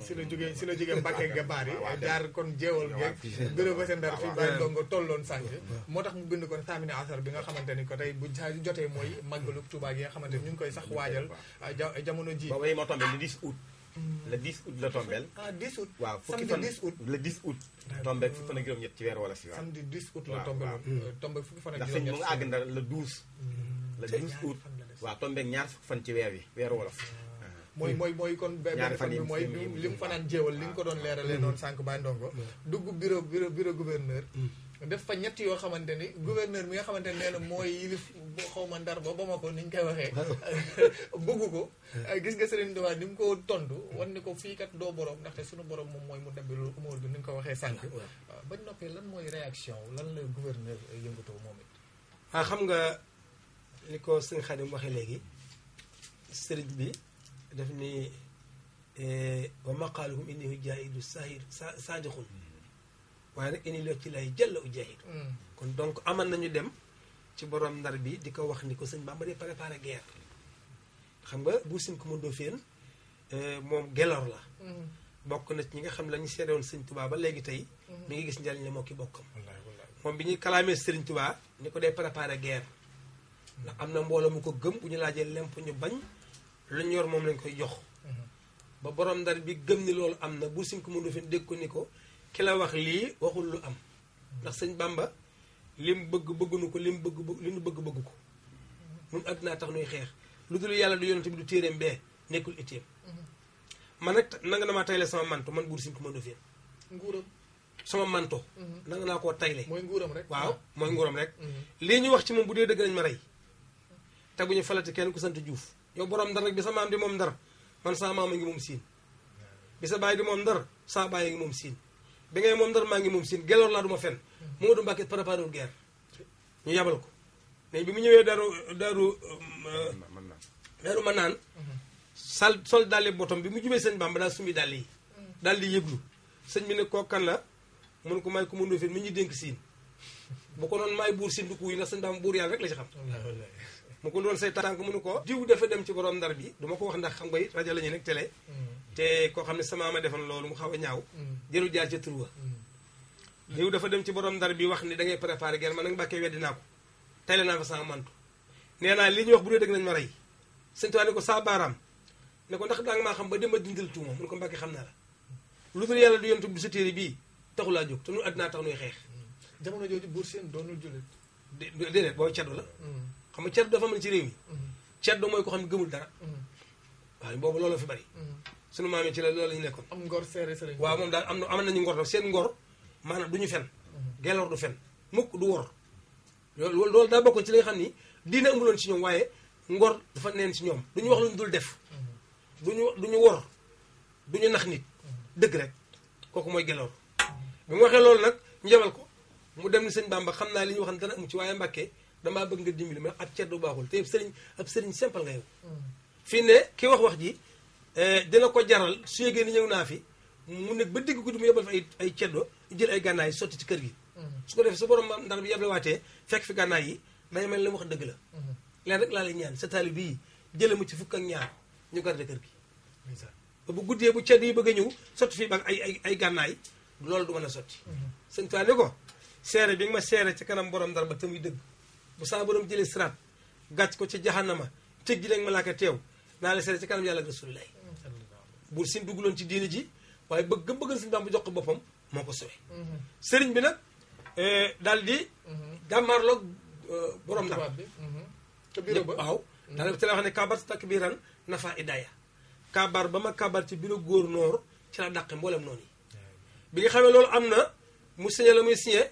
silo juga sila joge mbacke gabaari dar kon jeewol geeg gëna ba seen dara fi bàyyi dongo tolloon sànq moo mu bind kon asar bi nga xamante ko tey bu jotee mooy màggalu Touba gi nga xamante ñu koy sax waajal eh, eh, jamono ji boobu 10 août mm. le 10 août la tombel ah 10 août waaw fukki fan le 10 août tombé fukki ci wala si waaw samedi 10 août la tombé tombé fukki fan ak juróom euh, ndax sëñ mu ndar le 12 mm. le août ñaar fukki fan ci wi mooy hmm. mooy mooy kon benn fan bi mooy li mu fanaan jéewal li mu ko doon ah. leeralee doon hmm. sànq baa ndongo hmm. dugg bureau bureau bureau gouverneur def fa ñett yoo xamante ni gouverneur mi nga xamante ne nee na mooy yilif xaw ma ndar ba ba ma ko koy waxee bëggu ko gis nga Serigne Touba ni mu ko tontu wan ni ko fii kat doo borom ndaxte suñu borom moom mooy mu dembi loolu ko mawul bi ni nga ko waxee sànq ah, bañ noppee lan mooy réaction lan la gouverneur yëngatoo moom it ah xam nga li ko sëñ Xadim waxee léegi sëriñ bi daf ne eh, wa maqaaluhum inni ujaahidu sahir saadiqun waaye nag indi loo ci lay jëlla ujaahidu mm. kon donc amal nañu dem ci borom ndar bi di ko wax ni ko sëñ Bamba dee préparé guerre xam nga buur Sine Kumba Ndofféne eh, moom gelor la mm. bokk na ci ñi nga xam lañu seede woon sëñ Tuubaa léegi tey mm. mi ngi gis njariñ la moo ki bokkam moom bi ñu kalaamee sëriñ Tuubaa ni ko dee préparé guerre ndax am na mbooloo mu ko gëm bu ñu laajee lemp ñu bañ lañ yor moom lañ koy jox ba borom ndar bi gëm ni loolu am na bu sim ko mënu fi dégg ko ni ko ki la wax lii waxul lu am ndax sañ Bamba lim bëgg bëggunu ko lim bëgg li bëgg bëgg ko nun naa tax nuy xeex lu dul yàlla du yonent bi du téeréem bee nekkul itteem man nag nanga damaa tayle sama manto man buur sim ko mënu fi nguuram sama manto mhm. nanga naa koo tayle mooy nguuram waaw mooy nguuram rek mhm. lii ñu wax ci moom bu dee dëgg nañ ma rey te bu ñu falati kenn ku sant Juuf yow borom ndar rek bi maam di mom dar man sa maam bayi ngi mom sin bi sa di mom dar sa baay ngi mom sin bi ngay mom dar ma ngi mom sin gelor la duma ma fen mu du mbàkke wul guerre ñu yabal ko bi mu daru daru euh, daru ma nan sal sol dalé botom bi mu jubé señ bamba da sumi dalé yi daal di yëglu sëñ bi ne ko kan la mun ko may ko mu ndóofin mi ñu denk sin bu ko non may sin du ko yi na señ bamba yalla rek la ci xam mu ko doon say tànk mënu ko diw dafa dem ci borom ndar bi duma ko wax ndax xam nga rajo la télé mm. te koo xam sama ma defal loolu mu xaw a ñaaw mm. jëru jaar ca turwa mm. diw dafa dem ci borom ndar bi wax ni da ngay préparé guerre man nag mbàkkee weddi naa ko télé naa fa sama mantu nee naa li ñu wax bu dee dëgg nañ ma rey sëñ tuwaa ne ko saa baaraam ne ko ndax daa nga maa xam ba dem ba dindal tuuma mun ko mbàkkee xam naa la lu dul yàlla du yontu bi sa téere bii taxulaa jóg te nu àddinaa tax nuy xeex jamono jooju buur seen doonul déedéet boo caddu xam nga ceddo dafa mën ci réew mi ceddo mooy ko xam ne gëmul dara waaye boobu loolu fi bari su maam yi ci la loolu la ñu nekkoon am ngor seere sëriñ waaw moom daal am na am ngor daf seen ngor maanaam du ñu fen gelor du fen mukk du wor loolu loolu daa bokk ci li nga xam ni diina amuloon ci ñoom waaye ngor dafa neen ci ñoom du ñu wax lu ñu dul def du ñu du wor du ñu nax nit dëgg rek kooku mooy gelor bi mu waxee loolu nag ñu ko mu dem ni sëñ Bàmba xam naa li ñu waxante dana amu ci waaye Mbàkke damaa bëgg nga dimbali ma ab ceddu baaxul te sëriñ ab sëriñ simple nga yow. Mm. fii ne ki wax wax ji eh, dina ko jaral su yegee ni ñëw naa fi mu nekk ba digg guddi mu yebal fa ay jël ay gànnaay sotti ci kër gi. Mm. su ko defee su borom ndar bi yeblewaatee fekk fi gànnaay yi day mel li wax dëgg la. Mm-hmm. leen rek laa lay ñaan sa taali bii jëlee mu ci fukk ak ñaar ñu garde kër gi. bu guddee bu cedd yi bëgg a ñëw sotti fii ba ay ay gànnaay loolu du mën a sotti. Mm-hmm. sëñ Tuubaa ko seere bi nga ma seere ci kanam borom ndar ba te muy dëgg bu saa borom jëlee siraat gàcc ko ci jahannama tëj ma rek malaaka teew naa la seere ci kanam yàlla ak rasulullahi bu sin dugguloon ci diini ji waaye bëgg bëggal suñu bàmbu jox ko boppam moo ko suwe mhm. sëriñ bi nag eh, daal di mhm. jàmmaarloog eh, borom ndax mhm. waaw daal ci la wax ne kabar takbiran nafa idaya kabar ba ma kabar ci bureau gouverneur ci la dàqe mboolem noonu yi bi nga xamee loolu am na mu signé la muy signé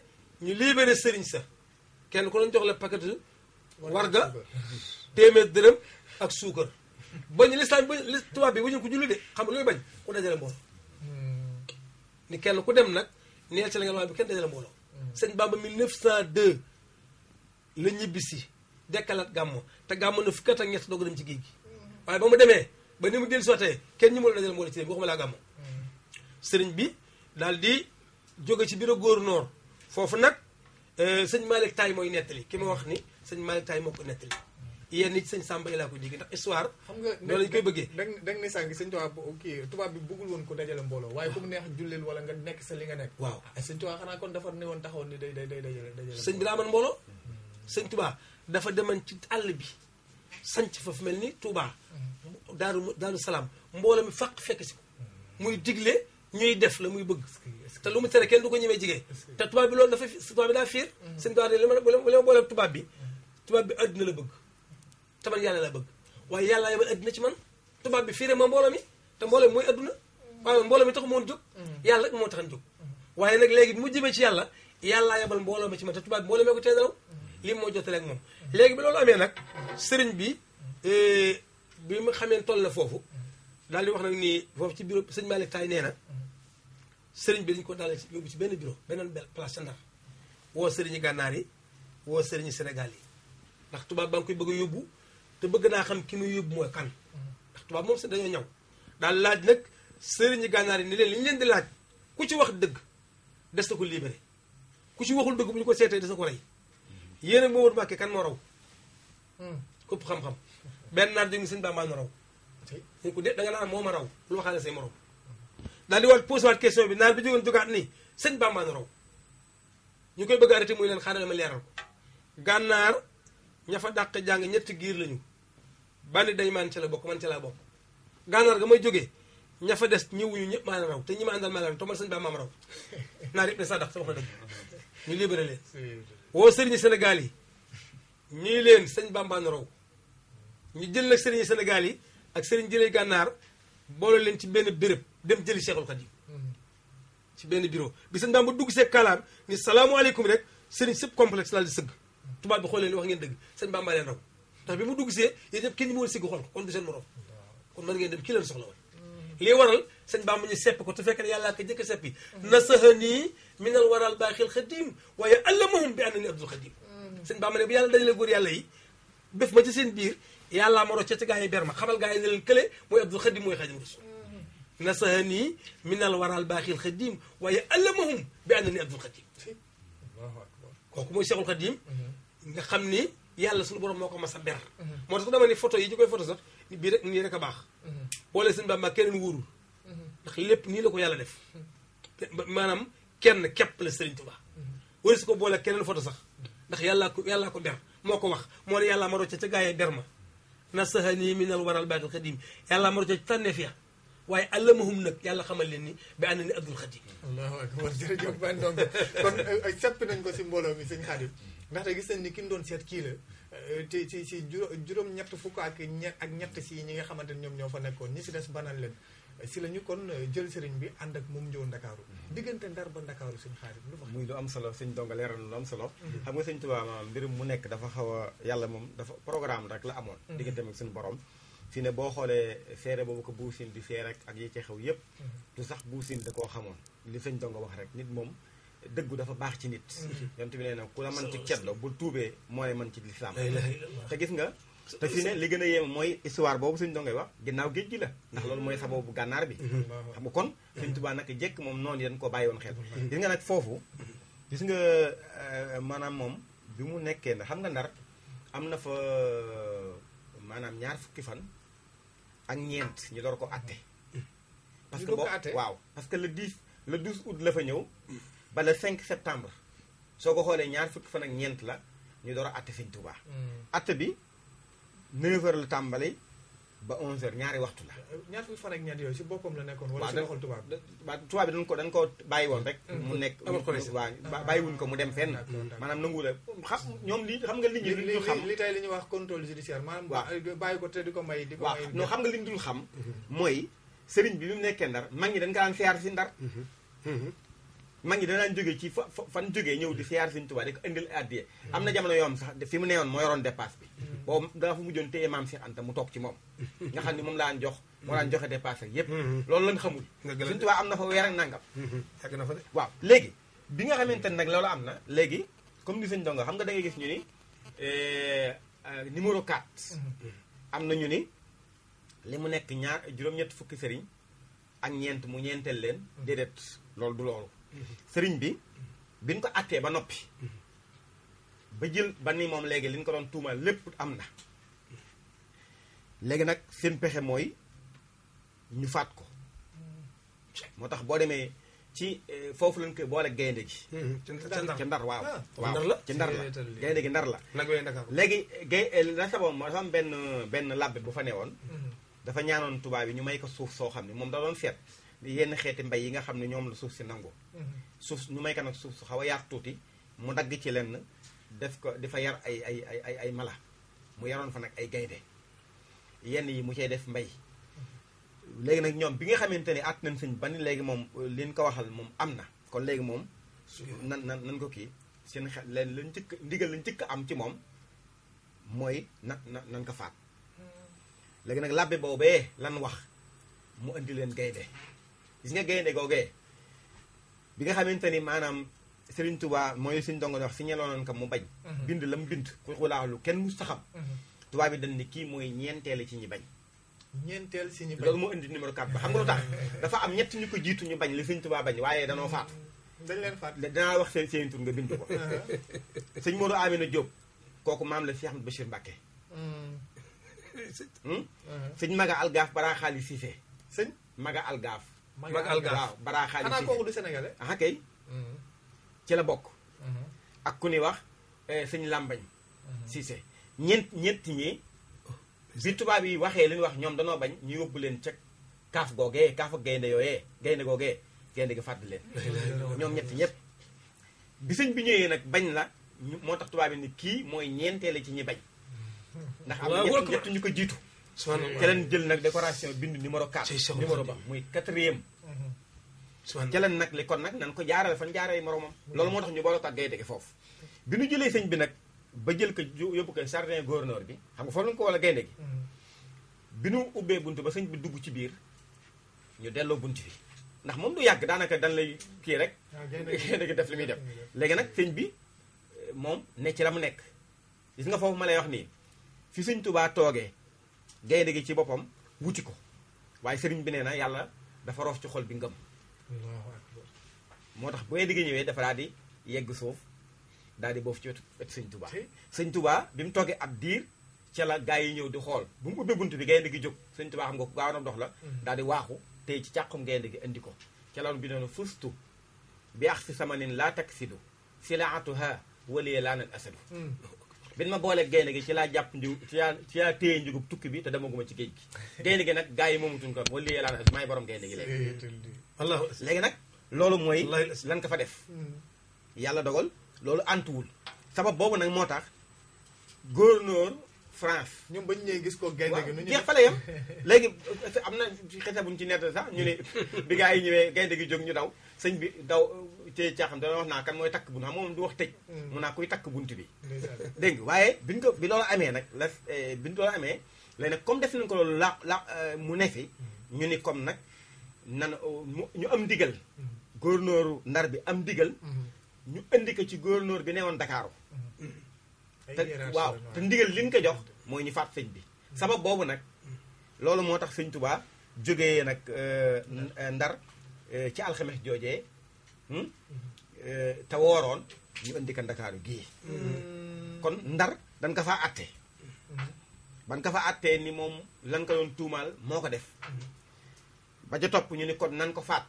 ñu libéré sëriñ sa kenn ku lañ jox la paquet warga téeméer dërëm ak suukar bañ lislaam bañ li tubaab bi bañu ko xam nga luy bañ ku dajale mbooloo hmm. ni kenn ku dem nag neel ci la nga bi kenn dajale mbooloo hmm. sëñ Bamba 1902 la ñibbisi dekkalaat gàmmo te gàmmo na fukkat ak ñett doog dem ci géej gi hmm. waaye ba mu demee ba ni mu dellu sottee kenn ñi mu la dajale mbooloo ci dem waxuma laa gàmmo sëriñ bi dal di jóge ci góor gouverneur foofu nag Eh, sëñ malik Taye mooy nettali ki ma wax ni sëñ Malick Taye moo ko nettali nit sëñ Samba yi laa ko dégg ndax histoire. xam nga loolu lañ koy bëggee. da nga da nga ne sànq sëñ Tuubaa kii tubaab bi bëggul woon ko dajale mbooloo. waaye ku mu neex jullil wala nga nekk sa li nga nekk. waaw ah, sëñ Tuubaa xanaa kon dafa ne taxaw ni day day day dajale. sëñ bi daa mën mbooloo sëñ Tuubaa dafa ci bi fa mel ni Tuubaa. Mm-hmm. daaru daaru mi fàq fekk si muy digle ñuy def la muy bëgg te lu mu tere kenn du ko ñemee jigéen te tubaab bi loolu dafa tubaab bi daa fiir mm-hmm. seen tubaab bi li bi tubaab bi àddina la bëgg ta taman yàlla la bëgg waaye yàlla yebal àddina ci man tubaab bi fiire ma mbooloo mi te mbooloo mooy àdduna mm-hmm. waaye mbooloo mi taxu mm-hmm. moo jóg yàlla moo taxan jóg waaye nag léegi bi mu jëmee ci yàlla yàllaa yebal mbooloo mi ci man te tubaab bi ko tee nelaw moo jotale ak moom léegi bi loolu amee nag sëriñ bi eh, bi mu xamee toll na foofu daal di wax nag nii foofu ci bureau sëñ Malick Taye nee na serigne bi dañ ko dalé ci yobu ci benn bureau beneen place ndar wo serigne gànnaar wo serigne sëriñu sénégal yi ndax tuba ba nga koy bëgg a te bëgg na xam ki mu yóbbu moy kan ndax tuba mom sa dañu ñaw dal laaj nak serigne gànnaar ni leen liñ leen di laaj ku ci wax deug dess ko libéré ku ci waxul deug bu ñu ko sété dess ko ray yéen mo wut wër kan mo raw hmm ko xam-xam ben nar jógi sëñ baa maa na raw ñu ko de da nga naan mo ma raw lu waxaale say morom daal di waat posé question bi naan bi jógoon jógaat ni sëñ bàmbaana raw ñu koy bëgg arrêté muy leen xaaral ma leeral ko gànnaar ña fa dàq jàng ñetti giir lañu bandi day man ca la bokk man ca laa bokk gànnaar ga may jóge ña fa des ñëwuñu ñëpp maa leen raw te ñi ma àndal maa leen raw tomal sëñ dax sama wax na dëgg ñu libéré leen woo sëriñu Sénégal yi ñuy leen sëñ bàmbaan raw ñu jël nag sëriñu Sénégal yi ak sëriñ jëlee gànnaar boole leen ci benn béréb dem jëli cheikh al Khadim ci benn bureau bi sëñ Bamba dugg see kalaam ni alaykum rek sëriñ sëpp complexe laal di sëgg tubaab bi xoolee ni wax ngeen dëgg sëñ Bamba leen raw ndax bi mu dugg see yéen ñëpp kenn ni mu woon sigg xol ko kon du seen morom kon mën ngeen dem ki leen soxla woon li waral sëñ Bamba ñu sepp ko te fekk ne yàllaa ko jëkk seppi min al waral baaxil xadim waaye allamahum bi annani abdul xadim sëñ Bamba ne bu yàlla dajale góor yàlla yi bëf ma ci seen biir yàllaa ma roccee ci gaa yi ber ma xamal gaa yi ne leen kële mooy abdul xadim mooy xadim rasul نصهني من الورى الباقي الخديم ويألمهم بأنني عبد الخديم kooku mooy Cheikhul Khadim nga xam ni yàlla suñu borom moo ko mas a ber moo tax dama ne photo yi ñu koy photo sax bii rek nii rek a baax wala seen baa keneen wóorul ndax lépp nii la ko yàlla def maanaam kenn képp la Serigne Touba wala su ko boole keneen photo sax ndax yàllaa ko yàllaa ko ber moo ko wax moo ne yàllaa ma rocca ca gaayee ber ma na sahani minal waral baaxil xadim yàllaa ma rocca ca tànneef ya waaye allamahum nag yàlla xamal leen ni bi ànd ni abdul xadim allahu akbar jërëjëf ban donc kon euh, sepp nañ ko si mbooloo mi sëñ xadim ndaxte gis nañ ni kim mu doon seet kii la te euh, ci ci juróom ñett fukk ak ñett ak ñett si ñi nga xamante ni ñoom ñoo fa nekkoon ñi si des banaan leen si la kon euh, jël sëriñ bi ànd ak moom ñëw ndakaaru diggante ndar ba ndakaaru suñ xaarit lu muy lu am solo suñ donga leeral lu am solo mhm. xam nga sëñ Tuubaa mbirum mu nekk dafa xaw a yàlla moom dafa programme rek la amoon mhm. diggante ak suñu borom fi ne boo xoolee seere boobu ko buusin di seer ak ak yi ci xew yépp mhm. du sax buusin da koo xamoon li sëñ dongo wax rek nit moom dëggu dafa baax ci nit mhm. yont bi nee na ku la man ci ceddo bu tuubee moo lay man ci lislaam te gis nga te fi li gën a yéem mooy histoire boobu suñ dongoy wax ginnaaw géej gi la ndax loolu mooy saboobu gànnaar bi mhm. xam nga kon suñ tubaa nag jekk moom noonu yi dañ ko bàyyi woon xel gis nga nag foofu gis nga euh, maanaam moom bi mu nekkee na xam na fa maanaam ñaar fukki fan ak ñeent ñu door ko atté parce que waaw parce que le 10 le 12 août la fa ñëw hmm. ba le 5 septembre soo ko xoolee ñaar fukk fan ak ñeent la ñu door a atte sëñ Tuubaa hmm. atte bi 9 heures la tàmbali ba 11h ñaari waxtu la. ñaar fukki fan ak ñett yooyu si boppam la nekkoon. wala si loxol tubaab waaw tubaab bi dañ ko bàyyi woon rek. Mm. mu nekk waaw bàyyiwuñ ko mu dem fenn. maanaam nangu la xam ñoom lii xam nga li ñu. li xam li tey li ñuy wax contrôle judiciaire maanaam. waaw bàyyi ko te di ko may. di ko may waaw xam nga li ñu xam. Mhm. mooy sëriñ bi bi mu nekkee ndar mag ñi dañ ko daan siyaar si ndar. Mhm. Mhm. mag ñi danaan jóge ci fa fan jógee ñëw di siyaar Sëñ Tuubaa di ko indil addiye am na jamono yoom sax fi mu newoon moo yoroon dépasse bi mm. boobu daa fa mujjoon téye maam Cheikh Anta mu toog ci moom nga xam ne moom laan jox moo daan joxe dépasse ak yépp mm-hmm. loolu lañ xamul Sëñ Tuubaa am na fa weer ak nangam yàgg mm-hmm. na fa waaw léegi bi nga xamante ne nag loolu am na léegi comme ni sëñ dongo xam nga da ngay gis ñu ni eh, numéro 4 mm-hmm. am na ñu ni li mu nekk ñaar juróom-ñett fukki sëriñ ak ñeent mu ñeenteel leen déedéet loolu du loolu sëriñ bi biñ ko àttee ba noppi ba jël ba ni moom léegi liñ ko doon tuumal lépp am na léegi nag seen pexe mooy ñu faat ko moo tax boo demee ci eh, foofu lañ koy boole gaynde gi ca ndar waaw ah, waaw ci ndar la gaynde gi ndar la léegi gay naka eh, boobu dafa benn benn labbe bu fa woon dafa ñaanoon tubaab yi ñu may ko suuf soo xam ne moom da doon seet yenn xeeti mbay yi nga xam ne ñoom la suuf si nangu mhm. suuf ñu may ko nag suuf su xaw a yaatu tuuti mu dagg ci lenn def ko dafa yar ay ay ay ay mala mu yaroon fa nag ay gaynde yenn yi mu cay def mbay léegi nag ñoom bi nga xamante ne at nañ sëñ ba ni léegi moom liñ ko waxal moom am na ko léegi moom nan nan nan ko kii seen xel leen lañ njëkk ndigal lañ njëkk am ci moom mooy na na nan ko faat mhm. léegi nag labbe boobee lan wax mu indi leen gayde gis nga gaynde googee bi nga xamante ni maanaam Serigne Touba mooy suñ dongo wax si ñeloonoon kam mu bañ mhm. bind la mu bind ku xulaax lu kenn mus taxam mhm. tubaa bi dañ ni kii mooy ñeenteel ci ñi bañ ñeenteel si ñu bañ loolu moo indi numéro 4 xam nga lu tax dafa am ñett ñu ko jiitu ñu bañ li Serigne tubaa bañ waaye danoo faatu mhm. dañ leen faat danaa wax seen seen tur nga bind ko sëñ uh-huh. Modou Amina Diop kooku maam la Cheikh Ahmed Bachir Mbacké mm. hmm? uh-huh. sëñ Maga Algaaf Bara Xaali Cissé sëñ Maga Algaaf mag algaas waaw baraa xaalis xanaa kooku du sénégalais ah, mhm. ci la bokk mhm. ak ku ni wax eh, sëñ làmbañ siise mhm. ñeent ñeenti ñi bi tubaab yi waxee li ñu wax ñoom danoo bañ ñu yóbbu leen ca kaaf googee kaaf ak gaynde yooyee gaynde googee gaynde gi fàttali leen ñoom ñetti ñëpp bi sëñ bi ñëwee nag bañ la moo tax tubaab yi nit kii mooy ñeentee la ci ñi bañ ndax am na ñett ñu ko jiitu subhanallah ca jël nag décoration bind numéro 4. numéro ba muy quatrième. subhanallah ca leen nag li kon nag nan ko jaarale fan jaarale moromam. Mm-hmm. loolu moo tax ñu boole tàggay dege foofu. bi nu jëlee sëñ bi nag ba jël ko yóbbu ko jardin gouverneur bi xam nga foofu ko wala gaynde mm-hmm. bi nu ubbee bunt ba sëñ bi dugg ci biir ñu delloo bunt bi ndax moom du yàgg daanaka dan lay kii rek. Ah, gaynde gi def li muy dem léegi nag sëñ bi moom ne ci la mu nekk. gis nga foofu ma lay wax nii fi sëñ Tuubaa toogee. gaynde gi ci boppam wuti ko waaye sëriñ bi nee na yàlla dafa roof ci xol bi ngëm moo tax bu gaynde gi ñëwee dafa daal di yegg suuf daal di boofu ci wetu wetu sëñ tubaa sëñ tubaa bi mu toogee ab diir ca la gaa yi ñëw di xool bu mu ubbee bunt bi gaynde gi jóg sëñ tubaa xam nga ku gaawoon dox la mm-hmm. daal di waaxu tey ci càqum gaynde gi indi ko ca la bi noonu fustu bi ax si samanin laa taksidu silaatuha waliye laanal asadu mm. bin ma booleeg gaynde gi ci laa jàpp njugub ci laa ci laa tukki bi te demaguma ci géej gi gaynde gi nag gars yi moomutuñ ko wala liyee laa maay borom gaynde gi léegi léegi nag loolu mooy lan ko fa def hmm. yàlla dogal loolu antuwul sabab boobu nag moo tax gouverneur France ñoom bañ ñëwee gis ko gaynde gi nu jeex fa la yem léegi am na xese buñ ci nett sax ñu ne bi gars yi ñëwee gaynde gi jóg ñu daw sëñ bi daw ci xam dañu wax na kan moy tak bu na mom du wax tej mu na koy tak buntu bi deng waye waaye biñ ko bi lolu amé nak la biñ do amé lay nak comme def nañ ko lolu la la mu nefi ñu ni comme nak nan ñu am digal gouverneur ndar bi am digal ñu andi ko ci gouverneur bi néwon Dakar waaw te ndigal liñ ko jox moy ñu fat señ bi sabab bobu nak, lolu motax señ touba jogé nak ndar ci alxames jojé Hmm? Eh, te wooroon ñu indi ko ndakaaru gii hmm. kon ndar dañ ko faa atte hmm. ban ko fa attee ni moom lan ko doon tuumaal moo ko def ba ca topp ñu ni kon nan ko faat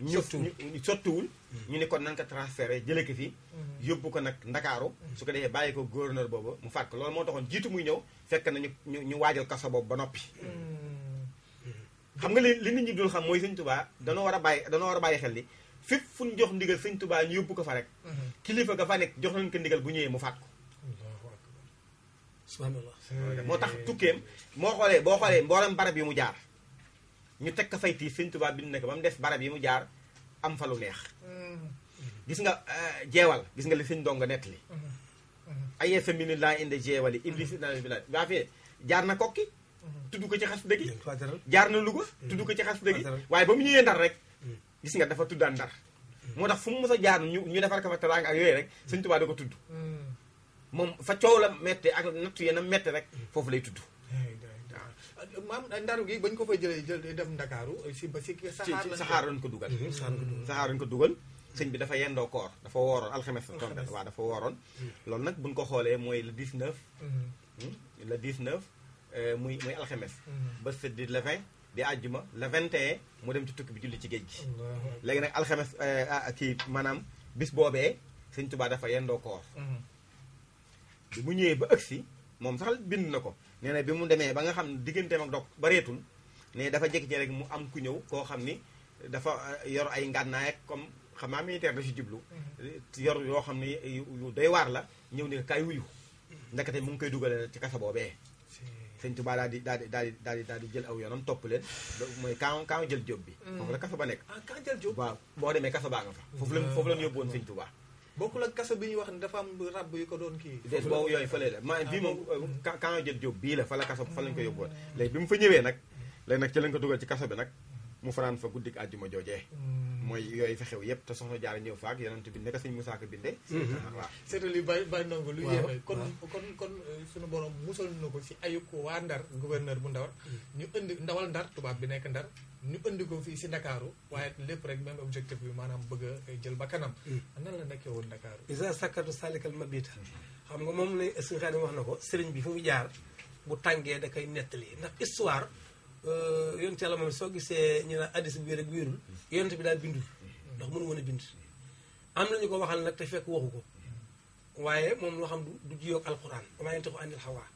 ñu sottuwul ñu ni kon nan ko transféré jële ko fi yóbbu ko nag ndakaaru su ko defee bàyyi ko gouverneur boobu mu fàkk ko loolu moo taxoon jiitu muy ñëw fekk na ñu ñu waajal kaso boobu ba noppi xam nga li li nit ñi dul xam mooy sëñ Tuubaa danoo war a bàyyi danoo war a bàyyi xel li fépp fu jox ndigal sëñ tubaa ñu yóbbu ko fa rek. Mhm. kilifa ga fa nekk jox nañ ko ndigal bu ñëwee mu fàtt ko. subhanallah moo tax tukkeem moo xoolee boo xoolee mboolem barab yi mu jaar ñu teg ko fay tiis sëñ tubaa bi na ko ba mu des barab yi mu jaar am fa lu neex. Mhm. gis nga euh, jeewal gis nga li sëñ dong nettali. Mhm. ayee sa mini laa indi jeewali iblis naa bi laa waa fee jaar na kokki tudd ko ci xas dëgg. jaar na Louga tudd ko ci xas dëgg. waaye ba mu ñëwee ndar rek. gis nga dafa tuddaan ndar moo tax fu mu mës a jaar ñu ñu defar ko fa teraanga ak yooyu rek sëñ Tuubaa ko tudd moom fa coow la mette ak nattu yenn mette rek foofu lay tudd maam ndaru gi bañ ko fay jëlee jël def ndakaaru si ba si mhm, saxaar lañ ko dugal saxaar lañ ko dugal sëñ bi dafa yendoo koor dafa wooroon alxames la tombé waaw dafa wooroon loolu nag buñ ko xoolee mooy le 19 mhm. hmm? le 19 euh, muy muy alxames mhm. ba sëddi le di àjjuma le 21 mu dem ci tukki bi julli ci géej gi. léegi nag alxames eh, ah, kii maanaam bis boobee sëñ Tuubaa dafa yendoo koor. Mhm. bi mu ñëwee ba si moom sax bind na ko nee bi mu demee ba nga xam ne digganteem ak dog bareetul ne dafa jékki rek mu am ku ñëw koo xam ni dafa eh, yor ay ngànnaay ak comme xam naa militaire si jublu. Mhm. yor yoo xam ne yu doy waar la ñëw ne kaay wuyu. Mhm. ndekete mu ngi koy dugale ci kasa boobee. sëñ Tuba daal di daal di daal di daal di daal di jël aw yoonam topp leen mooy kan kan jël jóob bi mm. foofu la kaso ba nekk ah kan jël jóob waaw boo demee kaso baa nga fa foofu la foofu la ñu sëñ Tuba bokkul ak kaso bi ñuy wax ne dafa am rab yu ko doon kii boobu yooyu ah, fa la kaso fa lañ ko yóbbu woon bi mu fa ñëwee nag léegi nag ci lañ ko dugal ci kaso bi nag mu fanaan fa guddik àjjuma joojee hmm. mooy yooyu fa xew yépp te soxna jaar ñëw fa ak yonent bi naka sëñ Moussa ko binde hmm. ah, waaw seetal li bay ndongo lu yéeme kon kon kon eh, suñu borom musal na ko si ko waa ndar gouverneur bu ndawal. Hmm. ñu indi ndawal ndar tubaab bi nekk ndar ñu indi ko fii si ndakaaru waaye lépp rek même objectif bi maanaam bëgg a eh, jël ba kanam ah, nan la nekkee woon ndakaaru isa sakkatu salikal mabita xam nga moom la sëñ Xaadim wax na ko sëriñ bi fu mu jaar bu tàngee da koy nettali ndax histoire Eh, yon yàlla moom so gisee ñu naan addis bi wér ak wérul bi da bindu ndax mënu mën a bind am nañu ko waxal nak te fekk waxuko waye mom moom xam du jiyoog alquran dama yente ko andil xawaa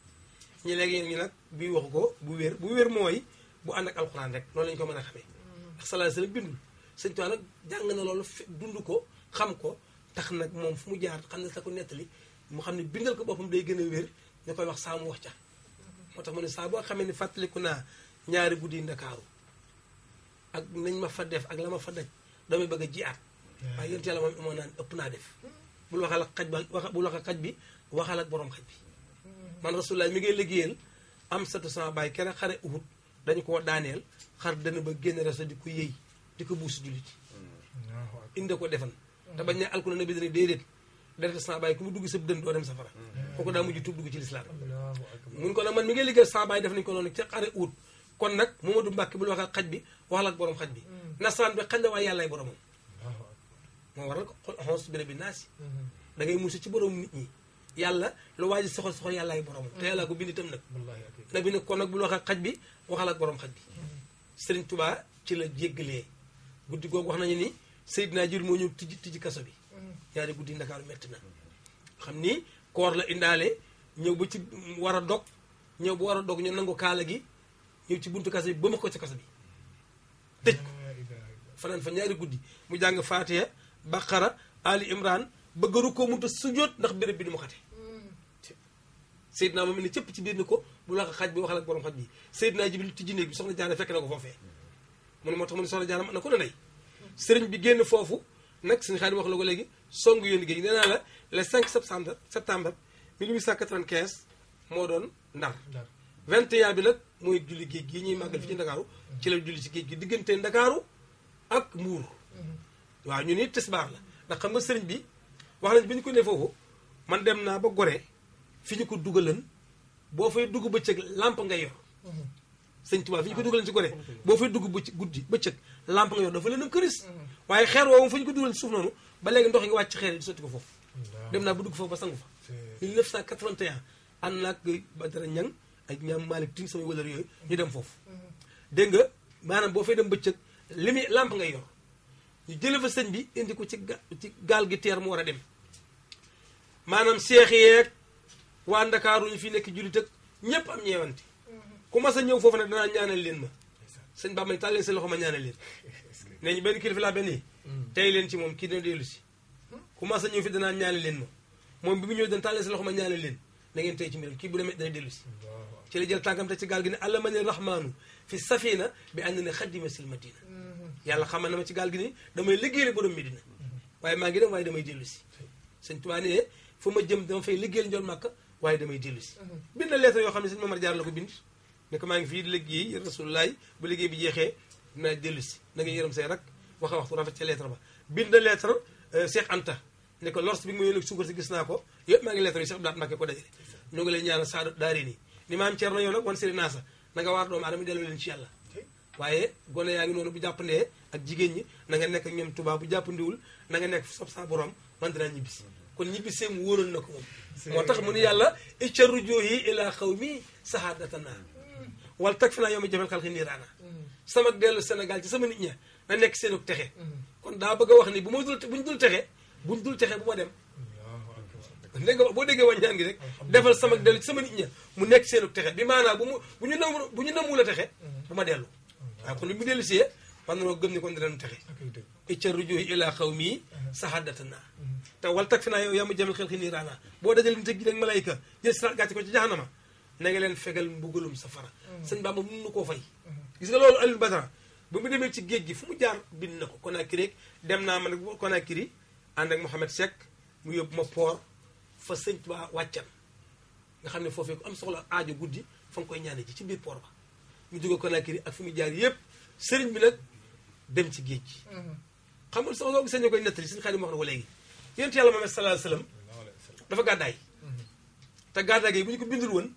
ñu léegi ñu nak bi waxuko bu wér bu wér moy bu ànd ak alquran rek non lañ ko mëna xamé ndax salaa sallam bindu señ Tuubaa nag na lolu dundu ko xam ko tax nak mom fu mu jaar xam na sa ko netali mu xam ni bindal ko boppam day gëna a ñu koy wax sa mu wax ca motax mo ni sa bo xamé ni fatlikuna ñaari guddi ndakaaru ak nañ ma fa def ak la ma fa daj damay bëgg jiat ba yent yalla mom naan ëpp def bu waxal ak xaj ba wax bul wax ak xaj bi waxal ak borom xaj bi man rasulullah mi ngay liggéeyal am 700 bay bàyyi xare uhud dañ ko daaneel xar dana ba génn di ko yëy di ko buus julit inde ko defan te bañ ne alkuna nabi dana déedéet deret sa bay ku mu dugg dën dem safara mm. kooku daa mujj tub ci l'islam mun ko nag man mi ngay sa bay def nañ ko non ci xare uhud kon nag moom Momadou Mbacke bu la ak xaj bi wax la ak borom xaj bi. Hmm. nasaraan bi xaj la waaye yàllaay boromam. moo waral ko xons bi bi naas yi. da ngay muus ci borom nit ñi. yàlla lu waaj soxal soxal yàllaay boromam. te hmm. yàlla ko bind tam nag. wallaahi bi nag bu la waxee bi waxal ak borom xaj bi. Hmm. ci la jéggalee guddi wax nañu ni Seydina Jibril moo ñëw tijji tijji kaso bi. ñaari guddi Ndakaaru metti na. ni koor la indaale ñëw ba ci war a dog ñëw bu war a dog ñu nangu kaala gi ñëw ci buntu kaso bi ba ma ko ci kaso bi tëj ko fanaan fa ñaari guddi mu jàng faatiha baqara ali imran bëgg rukkoo munta sujjóot ndax béréb bi ni mu xate Seydina moom ne cëpp ci biir ko bu la ko xaj bi waxal ak borom xaj bi Seydina Jibril tijji néeg bi soxna jaara fekk na ko foofee mu ne moo tax mu ne soxna jaara mën na ko ne nay sëriñ bi génn foofu nag suñu xaar wax la ko léegi song yéen géej nee naa la le 5 septembre septembre 1895 moo doon ndar 21 bi nag mooy julli géej gi ñuy màggal fi ci ndakaaru ci la julli ci géej gi diggante ndakaaru ak mbuur waaw ñu ni tisbaar la ndax xam nga sëriñ bi wax nañ bi ñu ko ne man dem naa ba Gorée fi ñu ko dugalan boo fay dugg bëccëg làmp nga yor sëñ Tuubaa fi ñu ko dugalan ci Gorée boo fay dugg bëccëg guddi bëccëg làmp nga yor dafa leen a këris waaye xeer woowu fi ñu ko dugalan ci suuf noonu ba léegi ndox ngi wàcc ci xeer di sotti ko foofu dem naa ba dugg foofu ba sangu fa 1981 ànd ba Badara Ñang ak ñaam Malick Tine sama wëlër yooyu ñu dem foofu dégg nga maanaam boo fay dem bëccëg li muy làmp ngay yor ñu jële fa sëñ bi indi ko ci gaal gi teer mu war a dem maanaam seex yeeg waa Ndakaaru ñu fi nekk jullit ak ñëpp am ñeewante ku ma sa ñëw foofu nag danaa ñaanal leen ma sëñ Bamba tàllee sa loxo ma ñaanal leen nee ñu benn kilifa laa benn yi tey leen ci moom kii dina dellu si ku ma sa ñëw fi danaa ñaanal leen ma moom bi mu ñëw dana tàllee sa loxo ma ñaanal leen na ngeen tey ci kii bu demee dana dellu si ci la jël tànkam te ci gaal gi ne allamani rahmaanu fi safina bi ànd na xaddima sil madina yàlla xamal na ma ci gaal gi ni damay liggéeyal borom Medina waaye maa ngi dem waaye damay dellu si sëñ Tuubaa ne fu ma jëm dama fay liggéeyal njool màkka waaye damay dellu si bind na lettre yoo xam ne sëñ Mamar Jaar la ko bind ne ko maa ngi fii liggéey rasulullah bu liggéey bi jeexee dinaa dellu si na nga yërëm say rak wax waxtu rafet ca lettre ba bind na lettre Cheikh Anta ne ko lors bi nga ma yónnee suukar si gis naa ko yëpp maa ngi lettre yi Cheikh Blaat Mbacké ko dajale ñoo ngi lay ñaanal saadu daari nii ni maam Thierno yow nag wan siri naasa na nga waar doomu aadama delloo leen ci yàlla waaye gone yaa ngi noonu bu jàppandee ak jigéen ñi na nga nekk ak ñoom tubaab bu jàpp ndiwul nanga nekk soo sa borom man dinaa ñibbisi kon ñibbiseem wóoroon na ko moo tax mu ne yàlla icca rujoo yi ilaa xaw mi sahaadata naa wala tag fi naa yooma jafel xalxi niiraana sama dellu Sénégal ci sama nit ña na nekk seenu texe mm. kon daa bëgg a wax ni bu ma dul bu ñu dul texe buñ dul texe bu ma dem dégg nga boo déggee wàññaan gi rek defal sama dellu sama nit ña mu nekk seenu texe bi maanaam bu mu bu ñu nangu bu ñu nangu la texe bu ma dellu waaw kon bu dellu sie war nanoo gëm ni kon dinañ texe icca rujuhi ila xaw mii mhm. sahadata naa mhm. te wal tag fi naa yow yaa ma jamal xel xi nii raana boo dajal nit gi rek malayka jël siraat gàcce ko ci jahanama na nga leen fegal mbugalum safara mhm. sëñ ma mun na koo fay gis nga loolu Alioune Badara ba mu demee ci géej gi fu mu jaar bind na ko Conakry rek dem naa man Conakry ànd ak Mouhamed Seck mu yóbbu ma port fa sëñ tubaa wàccan nga xam ne foofee ku am soxla aajo guddi fa nga koy ñaane ji ci biir port ba mu jóge Conakry ak fu mu jaar yëpp sëriñ bi nag dem ci géej gi mhm. xam nga soxla sëñ koy nettali suñu xaadim wax na ko léegi yonent yàlla Muhammad sallallahu alayhi wasallam dafa gàddaay mhm. te gàddaay gi bu ñu ko bindul woon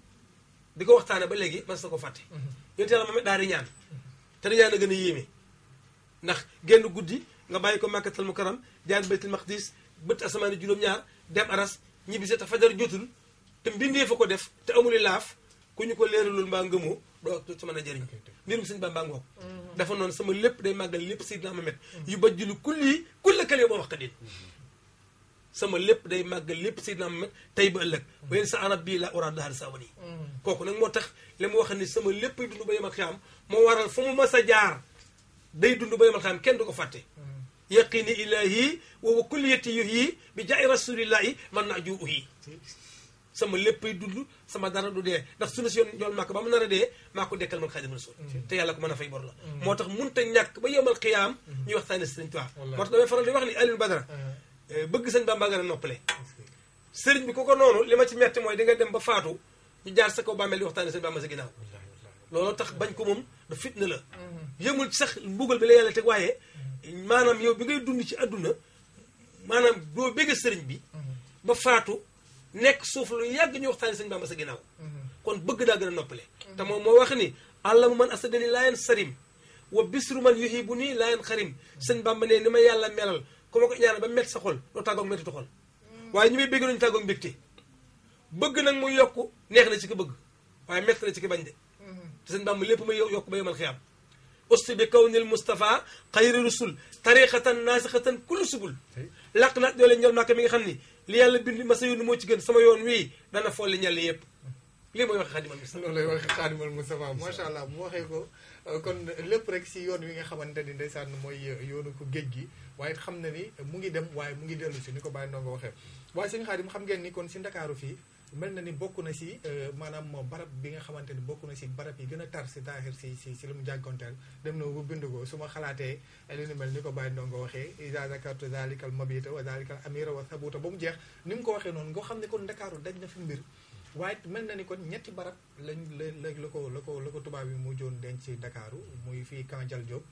di ko waxtaane ba léegi ko fàtte mhm. yàlla te gën a yéeme ndax genn guddi nga bàyyi ko jaar maqdis bët asamaani juróom-ñaar dem aras ñibbise te fajar jotul te mbindee fa ko def te amuli laaf ku ñu ko leeralul mbaa ngëmoo doo sa mën a jëriñ mbirum sëñ Bamba ngoog mm-hmm. dafa noonu sama lépp day maggal lépp Seydina Muhammad yu bajjulu kulli kulla kalee boo wax ka sama lépp day màggal lépp Seydina Muhammad mm-hmm. tey ba ëllëg ba yéen sa arab bii la ora dahaar sa wani mm-hmm. kooku nag moo tax li mu wax ni sama lépp dund ba yemal moo waral fu mu mas a jaar day dund ba yemal kenn du ko fàtte yaqini ilahi wa kulliyati yuhi bi jaay rasulillahi man naa ju uhi sama léppay dund sama dara du dee ndax su sunu si yoon ñool màkk ba mu nar a dee maa ko dekkal man xaadim rasul mm-hmm. te yàlla ko ma a fay bor la mm-hmm. moo tax munta ñàkk ba yowmal xiyaam ñuy mm-hmm. waxtaane sëriñ Tuubaa moo tax damay faral di wax ni Aliou Badara uh-huh. eh, bëgg sëñ Bàmba nga a sëriñ bi ko noonu li ma ci metti mooy di nga dem ba faatu ñu jaar sa kaw bàmmeel di waxtaane sëñ ma sa ginnaaw looloo tax bañ ko moom da fitna la mm-hmm. yëmul sax mbugal bi la yàlla teg waaye mm-hmm. maanaam yow bi ngay dund ci àdduna maanaam doo bégg sëriñ bi mm-hmm. ba faatu nekk suuf lu yàgg ñu waxtaani sëñ Bamba sa ginnaaw kon bëgg daa gën a noppale moo wax ni àllamu man asadani laayan sarim wa bisru man yuhibu nii laayan xarim sëñ Bamba ne ni ma yàlla melal ku ko ñaanal ba mett sa xol doo tàggoog mettitu xol waaye ñu may bëgg nañu tàggoog mbégte bëgg nag mu yokk neex na ci ki bëgg waaye mett na ci ki bañ de te sëñ Bàmba lépp may yokk ba yomal xiyaam usti bi kaw nil Moustapha xayri rusul tariqatan naasixatan kullu subul làq naat doole njël naaka mi nga xam ni li yàlla bind ma sa yoon moo ci gën sama yoon wii dana folli ñàll yëpp lii mooy waxe xaadimal Moustapha loolu lay waxe macha allah bu waxee ko kon lépp rek si yoon wi nga xamante ni ndeysaan mooy yoonu ko géej gi waaye xam na ni mu ngi dem waaye mu ngi dellu si ni ko bàyyi ndongo waxee waaye sëñ Xaadim xam ngeen ni kon si Ndakaaru fii mel na ni bokk na si euh, maanaam moo barab bi nga xamante ni bokk na si barab yi gën a tar si taaxir si si si lu mu jànkonteel dem na bu bind ko su ma xalaatee li ni mel ni ko bàyyi ndongo waxee isa zakartu zalikal mabita wa zalikal amira wa sabuta ba mu jeex ni mu ko waxee noonu nga xam ne kon ndakaaru daj na fi mbir waaye mel na ni kon ñetti barab lañ la la ko la ko la ko tubaab yi mu joon denc ci ndakaaru muy fii kanjal Diop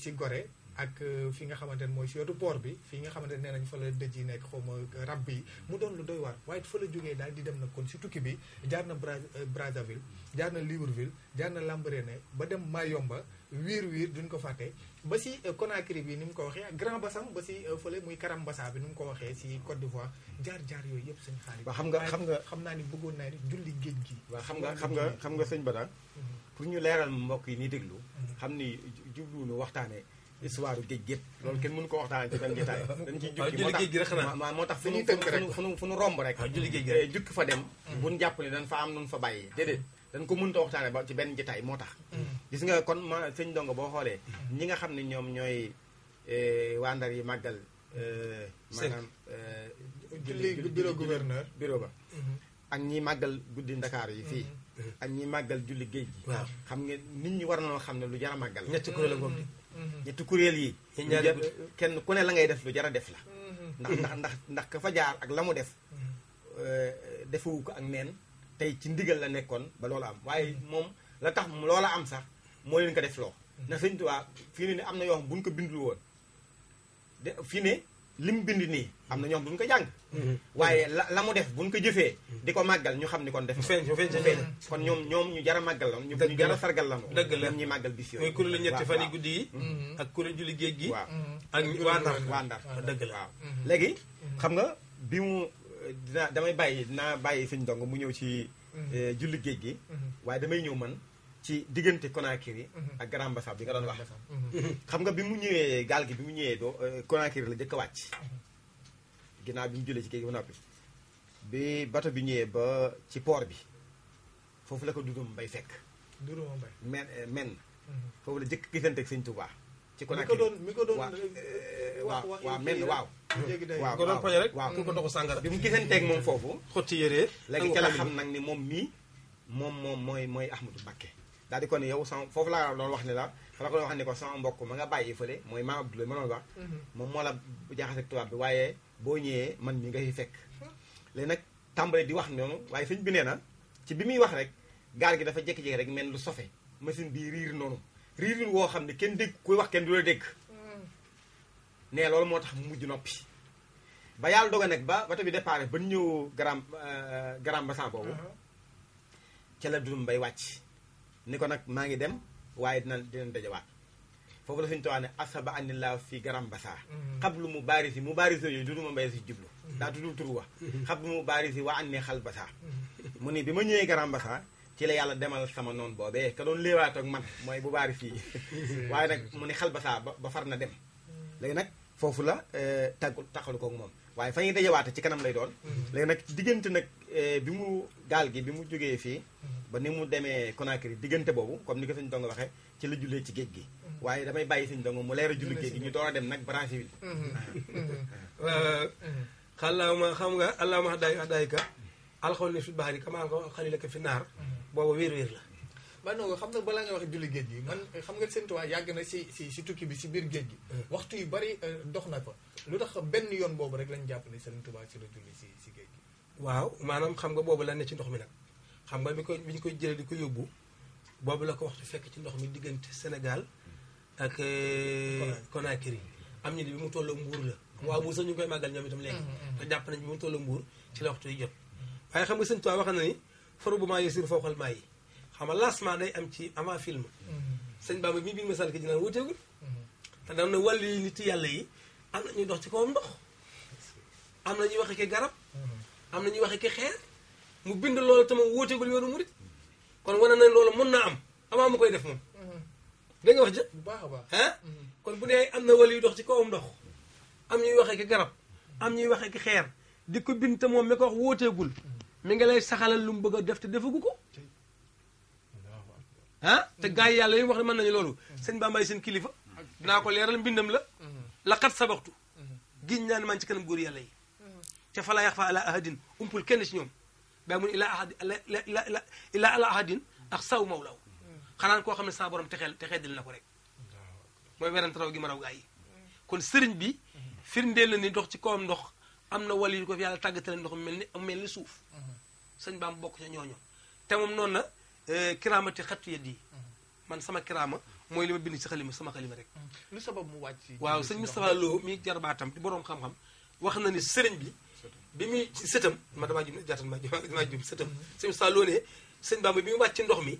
si euh, Gorée ak euh, fi nga xamante ne mooy si wetu port bi fi nga xamante ne nañ fa la dëj yi nekk xaw ma euh, rab bi mu doon lu doy waar waaye fa la jógee daal di dem nag kon si tukki bi jaar na Bra euh, Brazzaville jaar na Libreville jaar na Lambaréné ba dem Mayomba wiir wiir duñ ko fàtte ba si Conakry bi ni mu ko waxee Grand basam ba si fële muy Karambassa bi nu mu ko waxee si Côte d'Ivoire jaar jaar yooyu yëpp sëñ xaalis. waaw xam nga xam nga xam naa ni bëggoon naa ni julli géej gi. waaw xam nga xam nga xam nga sëñ Bada. Mhm. pour ñu leeral mbokk yi ni déglu. Mhm. xam ni jubluwuñu waxtaanee histoire géej gépp loolu kenn mënu ko waxtaan ci benn jotaay dañ ciy jukki ah, moo tax moo tax fu ñu tënk rek fu ñu fu ñu romb rek ah, julli géej gi eh, jukki fa dem mm. buñ jàpp dañ fa am nun fa bàyyi déedéet dañ ko mënta waxtaane ba ci benn jotaay moo tax mm. gis nga kon ma sëñ donga boo xoolee mm. ñi nga xam ne ñoom ñooy eh, waa Ndar yi màggal eh, maanaam julli bureau gouverneur bureau ba mm-hmm. ak ñi màggal guddi Ndakaar yi fii mm-hmm. ak ñi màggal julli géej gi xam nga nit ñi war nañoo xam lu jar a màggal ñetti kuréel la Mhm. ñetti kuréel yi kenn ku ne la ngay def lu jar a def la mhm. ndax ndax ndax ka fa jaar ak la mu def mhm. euh, defewu ko ak neen tey ci ndigal la nekkoon ba loola am waaye moom la tax loola am sax moo leen ko def loo ndax sëñ Tuubaa fii ne ni am na yoo xam buñ ko bindul woon de fii ne li mu bind nii am na ñoom bu ñu ko jàng mm-hmm. waaye la la mu def buñ ko jëfee di ko màggal ñu xam ni kon def feeñ feeñ mm-hmm. kon ñoom ñoom ñu jara màggal la ñu ñu jara sargal la moom dëgg la ñoom ñuy màggal bis yooyu mooy kuréelu ñetti fan yi guddi yi mm-hmm. ak kuréel julli géej gi waaw ak waa ndar waa ndar dëgg la léegi xam nga bi mu damay bàyyi dinaa bàyyi sëñ dong mu ñëw ci eh, julli géej gi waaye damay ñëw man ci diggante Conakry mhm. ak Grand Bassam bi nga doon wax mhm. xam nga bi mu ñëwee gaal gi bi mu ñëwee doo euh, Conakry la jëkk a wàcc mhm. ginnaaw bi mu jëlee ci géej gi ba bi bato ba ci port bi foofu la ko Ndouroume fekk Ndouroume Mbaye men euh, men la jëkk gisante ak sëñ Touba ci Conakry mi ko doon mi ko doon euh, waaw waaw men waaw waaw ko doon doxu sàngara bi mu gisanteeg moom foofu xotti yére léegi ca la xam nag ni moom mii moom moom mooy mooy Ahmadou Mbacké daal di ko ne yow sama foofu laa ne la fa la ko doon wax ne ko sama mbokk ma nga bàyyi fële mooy maam Abdoulaye ma doon wax mhm. moom moo la jaaxase tubaab bi waaye boo ñëwee man mi nga fi fekk léegi nag tàmbale di wax noonu waaye sëñ bi nee na ci bi muy wax rek gaal gi dafa jékki-jékki rek mel lu sofe machine bi riir noonu riir woo xam ne kenn dégg kuy wax kenn du la dégg mhm. ne loolu moo tax mu mujj noppi ba yàlla doga nag ba bato bi départ ba ñëw garam euh, garam basan boobu mhm. ca la dudum bay wàcc ni ko nag maa ngi dem waaye dina dina daje dajawaat foofu la suñu tubaa ne asaba anillah fi garam basa xablu mu baarisi mu baarisi yooyu duduma mbay si jublu daa tudul tur wa xablu mu baarisi waa an ne xal basaa mu ni bi ma ñëwee garam basa ci la yàlla demal sama noonu boobee ka doon léewaat ak man mooy bu baari fii waaye nag mu ni xal basaa ba far na dem léegi nag foofu la tàggu taxalu koog moom waaye fa ñuy dajawaate ci kanam lay doon léegi nag diggante nag Eh, bi mu gaal gi bi mu jógee fii ba ni mu demee Conakry diggante boobu comme ni ko sëñ Ndongo waxee ci la jullee ci géej gi waaye damay bàyyi sëñ Ndongo mu leer a julli géej gi ñu door dem nag Brazzaville eh, waaw xalaama xam nga allahuma xadaayu xadaayika alxawli fi bahari kama xalilaka fi naar booba wéer wéer la man xam na balaa nga wax julli géej gi man xam nga seen tuwaay yàgg na si si si tukki bi si biir géej gi eh. waxtu yu bari dox na fa lu tax benn yoon boobu rek lañ jàpp ne seen tubaab si la julli si si géej waaw maanaam xam nga boobu la ne ci ndox mi nag xam nga bi ko bi ñu koy jëlee di ko yóbbu boobu la ko waxtu fekk ci ndox mi diggante Sénégal ak euh, Conakry am ñu ne bi mu tolloo mbuur la waaw mbuur sax ñu ngi koy màggal ñoom itam léegi mm-hmm, mm-hmm. te jàpp nañ bi mu tolloo mbuur ci la waxtu yi jot waaye xam nga sëñ Tuubaa na ni foro bu maa yesir fooxal maa yi am ci avant film mm-hmm. sëñ Bamba mii biir masal ki dinaan wuteegul te daan na yàlla yi am na ñuy dox ci kawam ndox na ñuy wax ak garab am na ñuy waxee ki xeer mu bind loolu tamit wóoteegul yoonu murit kon wane nañ loolu mun naa am avant mu koy def moom. Mm-hmm. dégg nga wax ja bu baax a baax mm-hmm. kon bu nee am na wàll dox ci kawam ndox am ñuy waxee ki am ñuy waxee ki xeer di ko bind te moom mi ko wax wóoteegul mm-hmm. mi nga lay saxalal lu mu bëgg a def te defagu ko. ah te gars yàlla yi wax ne mën nañu loolu sëñ Bambaye seen kilifa dinaa ko leeral mbindam la laqat sabaxtu giñ naa ne man ci kanam góor yàlla yi te fa laa yaxfaa ala ahadin umpul kenn si ñoom daa mun ilaa ahad la ilaa ala ahadin ak saw mawlaw xanaan koo xam ne saa borom texeel texee dil na ko rek mooy werante raw gi ma raw gaa kon sëriñ bi firndeel na ni dox ci kawam ndox am wali ko fi yàlla tàggatale ndox mel ni suuf sëñ baam bokk ca ñooñu te moom noonu na kiraamati xattu yedd man sama kiraama mooy li ma bind ci xalima sama xalima rek. lu sabab mu wàcc waaw sëñ Moustapha Lo mi jarbaatam di boroom xam-xam wax na ni sëriñ bi bi muy sëtam ma damaa jub jaatal ma damaa jub sëtam sëñ Moussa Lo ne sëñ Bamba bi mu wàcc ndox mi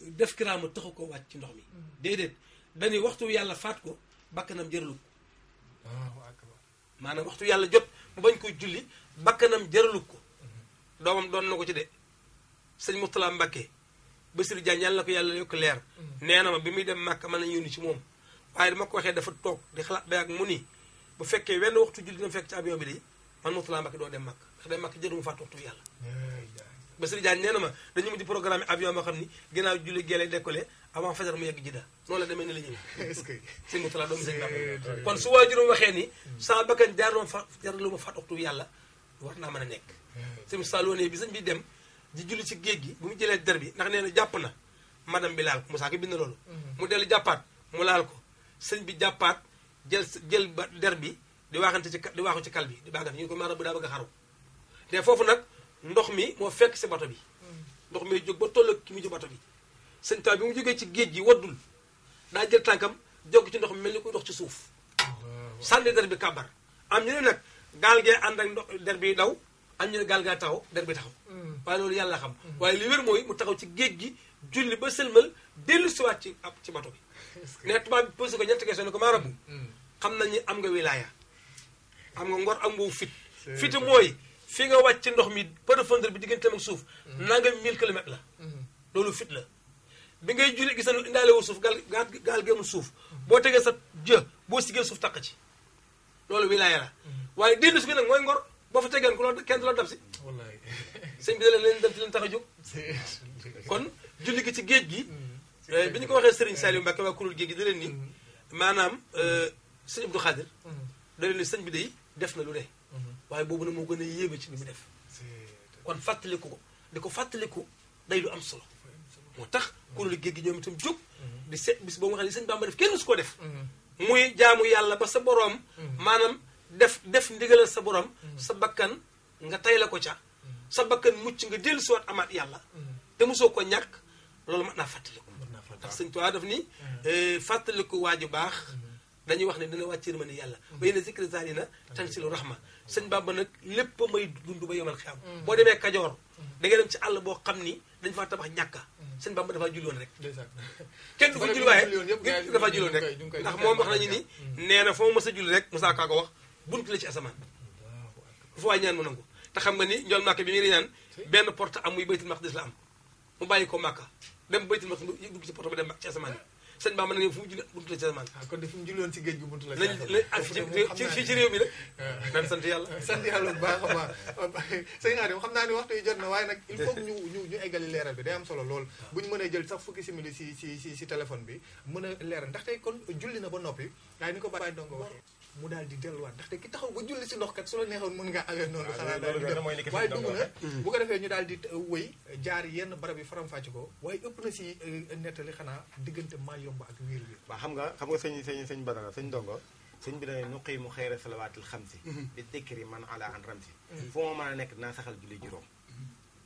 def kiraama taxu ko wàcc ci ndox mi déedéet dañuy waxtu yàlla faat ko bakkanam jëralu ko maanaam waxtu yàlla jot bañ ko julli bakkanam jëralu ko doomam doon na ko ci de sëñ Mourtala Mbacke Bassirou Diagne yàlla ko yàlla yokk leer mm-hmm. nee na ma bi muy dem màkk mën na yónni ci moom waaye dama ko waxee dafa toog di xalaat ba ak mu ni bu fekkee wenn waxtu julli dina fekk ci avion bi de man Mourtala Mbacke doo dem Makka ndax dem Makka jëruma fàtte waxtu yàlla ba Sëriñ Jaan nee na ma dañu di programme avion boo xam ni ginnaaw julli geelee décollé avant fajar mu yegg Jidda noonu la demee ni la ñëwee sëñ Mourtala doomu sëñ kon su waajuram waxee ni sama bakkan jaar doon fa jar lu ma fàtte yàlla war naa mën a nekk sëñ Saloone bi sëñ bi dem di julli si géej gi bu mu jëlee der bi ndax nee na jàpp na madame bi laal ko Moussa ki bind loolu mm-hmm. mu dellu jàppaat mu laal ko sañ bi jàppaat jël jël ba der bi di waaxante ci di waaxu ci kal bi di baax ñu ko maanaam bu daa bëgg a xaru te foofu nag ndox mi moo fekk si bato bi ndox mi jóg ba toll ki mu jóg bato bi sëñ taw bi ci géej gi waddul daa jël tànkam jog mi mel ni koy dox ci suuf sànni der bi kàbbar am ñu ne nag gaal gee ànd ak ndox der bi daw am ñu ne gaal gaa taw der bi taxaw mm. waaye loolu yàlla xam mm. waaye li wér mooy mu taxaw ci géej gi julli ba sëlmal dellu siwaat ci ab ci bato bi ne tubaab bi posé ko ñetti question ne ko maa rabu mm. xam nañu am nga wilaaya xam nga ngor ak mbow fit fiti mooy fi nga wàcc ndox mi profondeur bi digganteem ak suuf mm-hmm. nangam mille kilomètres la mm-hmm. loolu fit la bi ngay julli gis nañu indaale woo suuf gaal gaal gémul suuf mm-hmm. boo tegee sa jë boo sigee suuf taq ci loolu wilaaya la waaye dellu bi nag mooy ngor boo fa tegeen ku loolu kenn du la dab si sëñ bi da leen dem ci tax a jóg kon julli ki ci géej gi eh, bi ñu ko waxee Serigne Saliou Mbacke waa kuréel géej gi da leen ni maanaam eh, sëñ Abdou Khadir da ni sëñ bi day def na lu ne mhm. waaye boobu na moo gën a yéeme ci ni mu def kon fàttaliku ko di ko fàttaliku day du am solo moo tax kuréelu géej gi ñoom itam jóg mhm. di seet bis boo nga xam ne sëñ Bàmba def ko def mhm. muy jaamu yàlla ba sa boroom maanaam def def ndigalal sa boroom sa bakkan nga tay la ko ca sa bakkan mucc nga dellu siwaat amaat yàlla te soo ko ñàkk loolu mën naa fàttaliku ndax sëñ Tuubaa daf ni eh, fàttaliku waa ju baax dañuy wax ne dina wàcc ni yàlla ba mm. yéen zikri zaalina tansilu rahma sëñ Bamba nag lépp may dund ba yomal xiyam mm. boo demee Kajoor mm. da ngay dem si àll boo xam ni dañ faa tabax ñàkka sëñ Bamba dafaa julli woon rek kenn du ko julli waaye dafaa julli woon rek ndax moom wax nañu ni nee na foo mës a julli rek Moussa Ka ko wax bunt la ci asamaan fu waay ñaan mu nangu te xam nga ni njool Màkka bi muy ñaan benn porte am muy baytul maqdis la am mu bàyyi ko Màkka dem baytul maqdis dugg ci porte ba dem ci asamaan yi sëñ Ba mën na ne fu mu julli buntu la ci asamaan. ah kon de mu julli si géej gi buntu la ah, ci ci ci réew mi la. Ah. naan sant yàlla. sant yàlla bu baax a baax sëñ Adama xam naa ni waxtu yi jël na waaye nag il faut ñu ñu ñu eggali leeral bi day am solo lool. Ah. bu ñu mën mënee jël sax fukki simili si si si si téléphone bi mën a leeral ndax tey kon julli na ba noppi waaye ni ko bàyyi ndongo waxee mu daal di delluwaat ndaxte ki taxaw ba julli si ndox kat su la neexoon mën ngaa awee noonu ah, xalaat daal di dem waaye dugg na bu ko defee ñu daal di wëy jaar yenn barab yi faram-fàcce ko waaye ëpp na si euh, nettali xanaa diggante maa yomb ak wiir wi waa xam nga xam nga sëñ sëñ sëñ badara sëñ ndongo sëñ bi dane nuqiimu xayra xam si di mhm. dikkri man ala an ramsi mhm. fu ma mën a nekk dinaa saxal julli juróom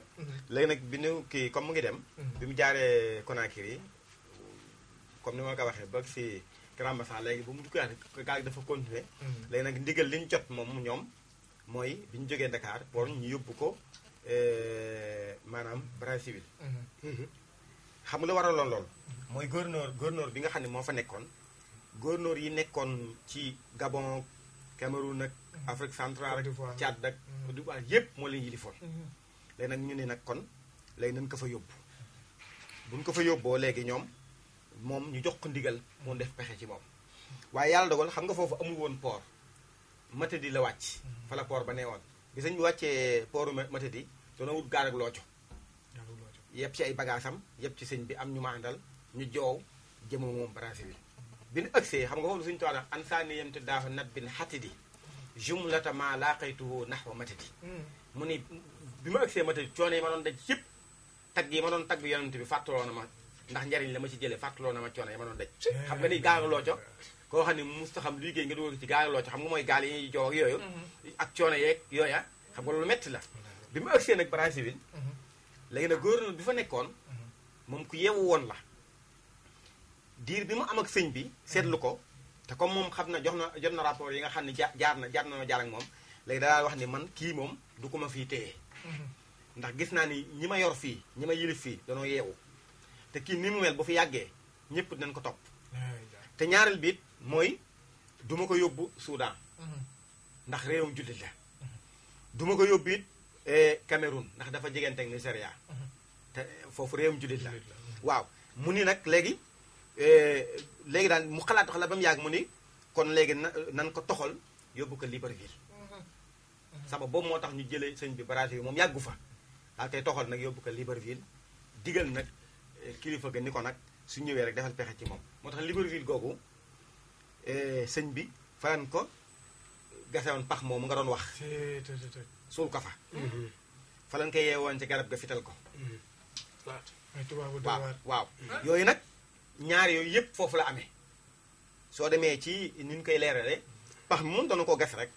nga léegi nag bi ñu kii comme mu ngi dem. Mhm. bi mu jaaree Conakry comme ni ma ko waxee ba si Grand Bassam léegi bu mu duggaatee gaal gi dafa continuer mhm. léegi nag ndigal li ñu jot moom ñoom mooy bi ñu jógee Dakar pour ñu yóbbu ko eh, maanaam Brazzaville. Mhm. xam nga lu waraloon lool. mooy gouverneur gouverneur bi nga xam ne moo fa nekkoon. gouverneur yi nekkoon ci Gabon Cameroun ak Afrique centrale ak Tchad ak Côte d'Ivoire moo leen yilifoon léegi nag ñu ne nag kon léegi nañ ko fa yóbbu buñ ko fa yóbboo léegi ñoom moom ñu jox ko ndigal mu def pexe ci moom waaye yàlla dogal xam nga foofu amul woon port Matadi la wàcc hmm. fa la port ba nee woon bi sañ bi wàccee portu Matadi doona wut gaar ak looco yëpp ci ay bagaasam yëpp ci sëñ bi am ñu ma àndal ñu joow jëma moom Brazzaville bi nu see xam nga foofu suñu toog an saani yem te daafa nat bin xatidi jumlata ma laa xaytuhu naxwa Matadi hmm. mu bi ma agsee ma tey coono yi ma doon daj yëpp tagg yi ma doon tagg yonent bi fàttaloo na ma ndax njariñ la ma ci jëlee fàttaloo na ma coono yi ma doon daj xam nga ni gaagaloo co koo xam ne musta xam liggéey nga dugal ci gaagaloo co xam nga mooy gaal yi ñuy jow ak yooyu mm-hmm. ak yeeg yooya xam nga loolu metti la bi ma agsee nag Brazzaville mm-hmm. léegi nag gouverneur bi fa nekkoon mm-hmm. moom ku yeewu woon la diir bi mu am ak sëñ bi seetlu ko te moom xam na jox na jot na rapport yi nga xam ne jaar na jaar na ma jaar ak moom léegi daal wax ni man kii moom du ko ma fii téye ndax gis naa ni ñi ma yor fii ñi ma yilif fii danoo yeewu te kii ni mu mel bu fi yàggee ñëpp dinañ ko topp ñaareel biit mooy duma ko yóbbu Soudan ndax réewum ko yóbbu it eh, ndax dafa jegante ak Nigeria te foofu réewum jullit waaw mu ni nag léegi eh, léegi daal mu xalaat xalaat yàgg mu ni kon léegi na nan ko toxal yóbbu ko Libreville sabab boobu moo tax ñu jëlee sëñ bi Brazzaville moom yàggu fa ah tey toxal nag yóbbu ko Libreville digal nag eh, kilifa ga ni ko nag su ñëwee rek defal pexe ci moom. moo tax Libreville googu eh, sëñ bi faran ko gasewoon pax nga doon wax. suul ko fa. fa lañ koy yeewoon ci garab ga fital ko. yooyu nag ñaar yooyu yëpp foofu la amee soo demee ci ni ñu koy leerale pax mi moom dana ko gas rek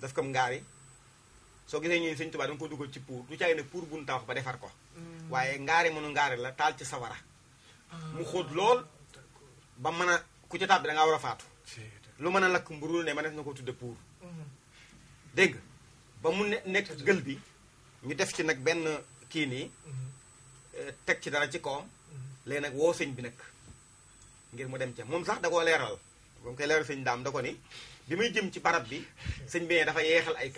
daf ko ngaari soo gisee ñun sëñ Tuubaa da nga ko dugal ci pour du caagi ne pour buñ tawax ba defar ko mm. waaye ngaari mënu ngaari la taal ci sawara ah. mu xóot lool ba mën a ku ci tàbbi da war a faatu lu mën a lakk mburu ne ma def na ko tudde pour mm. dégg ba mu nekk gël bi ñu def ci nag benn kii nii mm-hmm. eh, teg ci dara ci kawam mm-hmm. léegi nag woo sëñ bi nag ngir mu dem ca moom sax da koo leeral ba mu koy leeral sëñ daam da ko ni bi muy jëm ci barab bi sëñ bi dafa yeexal ay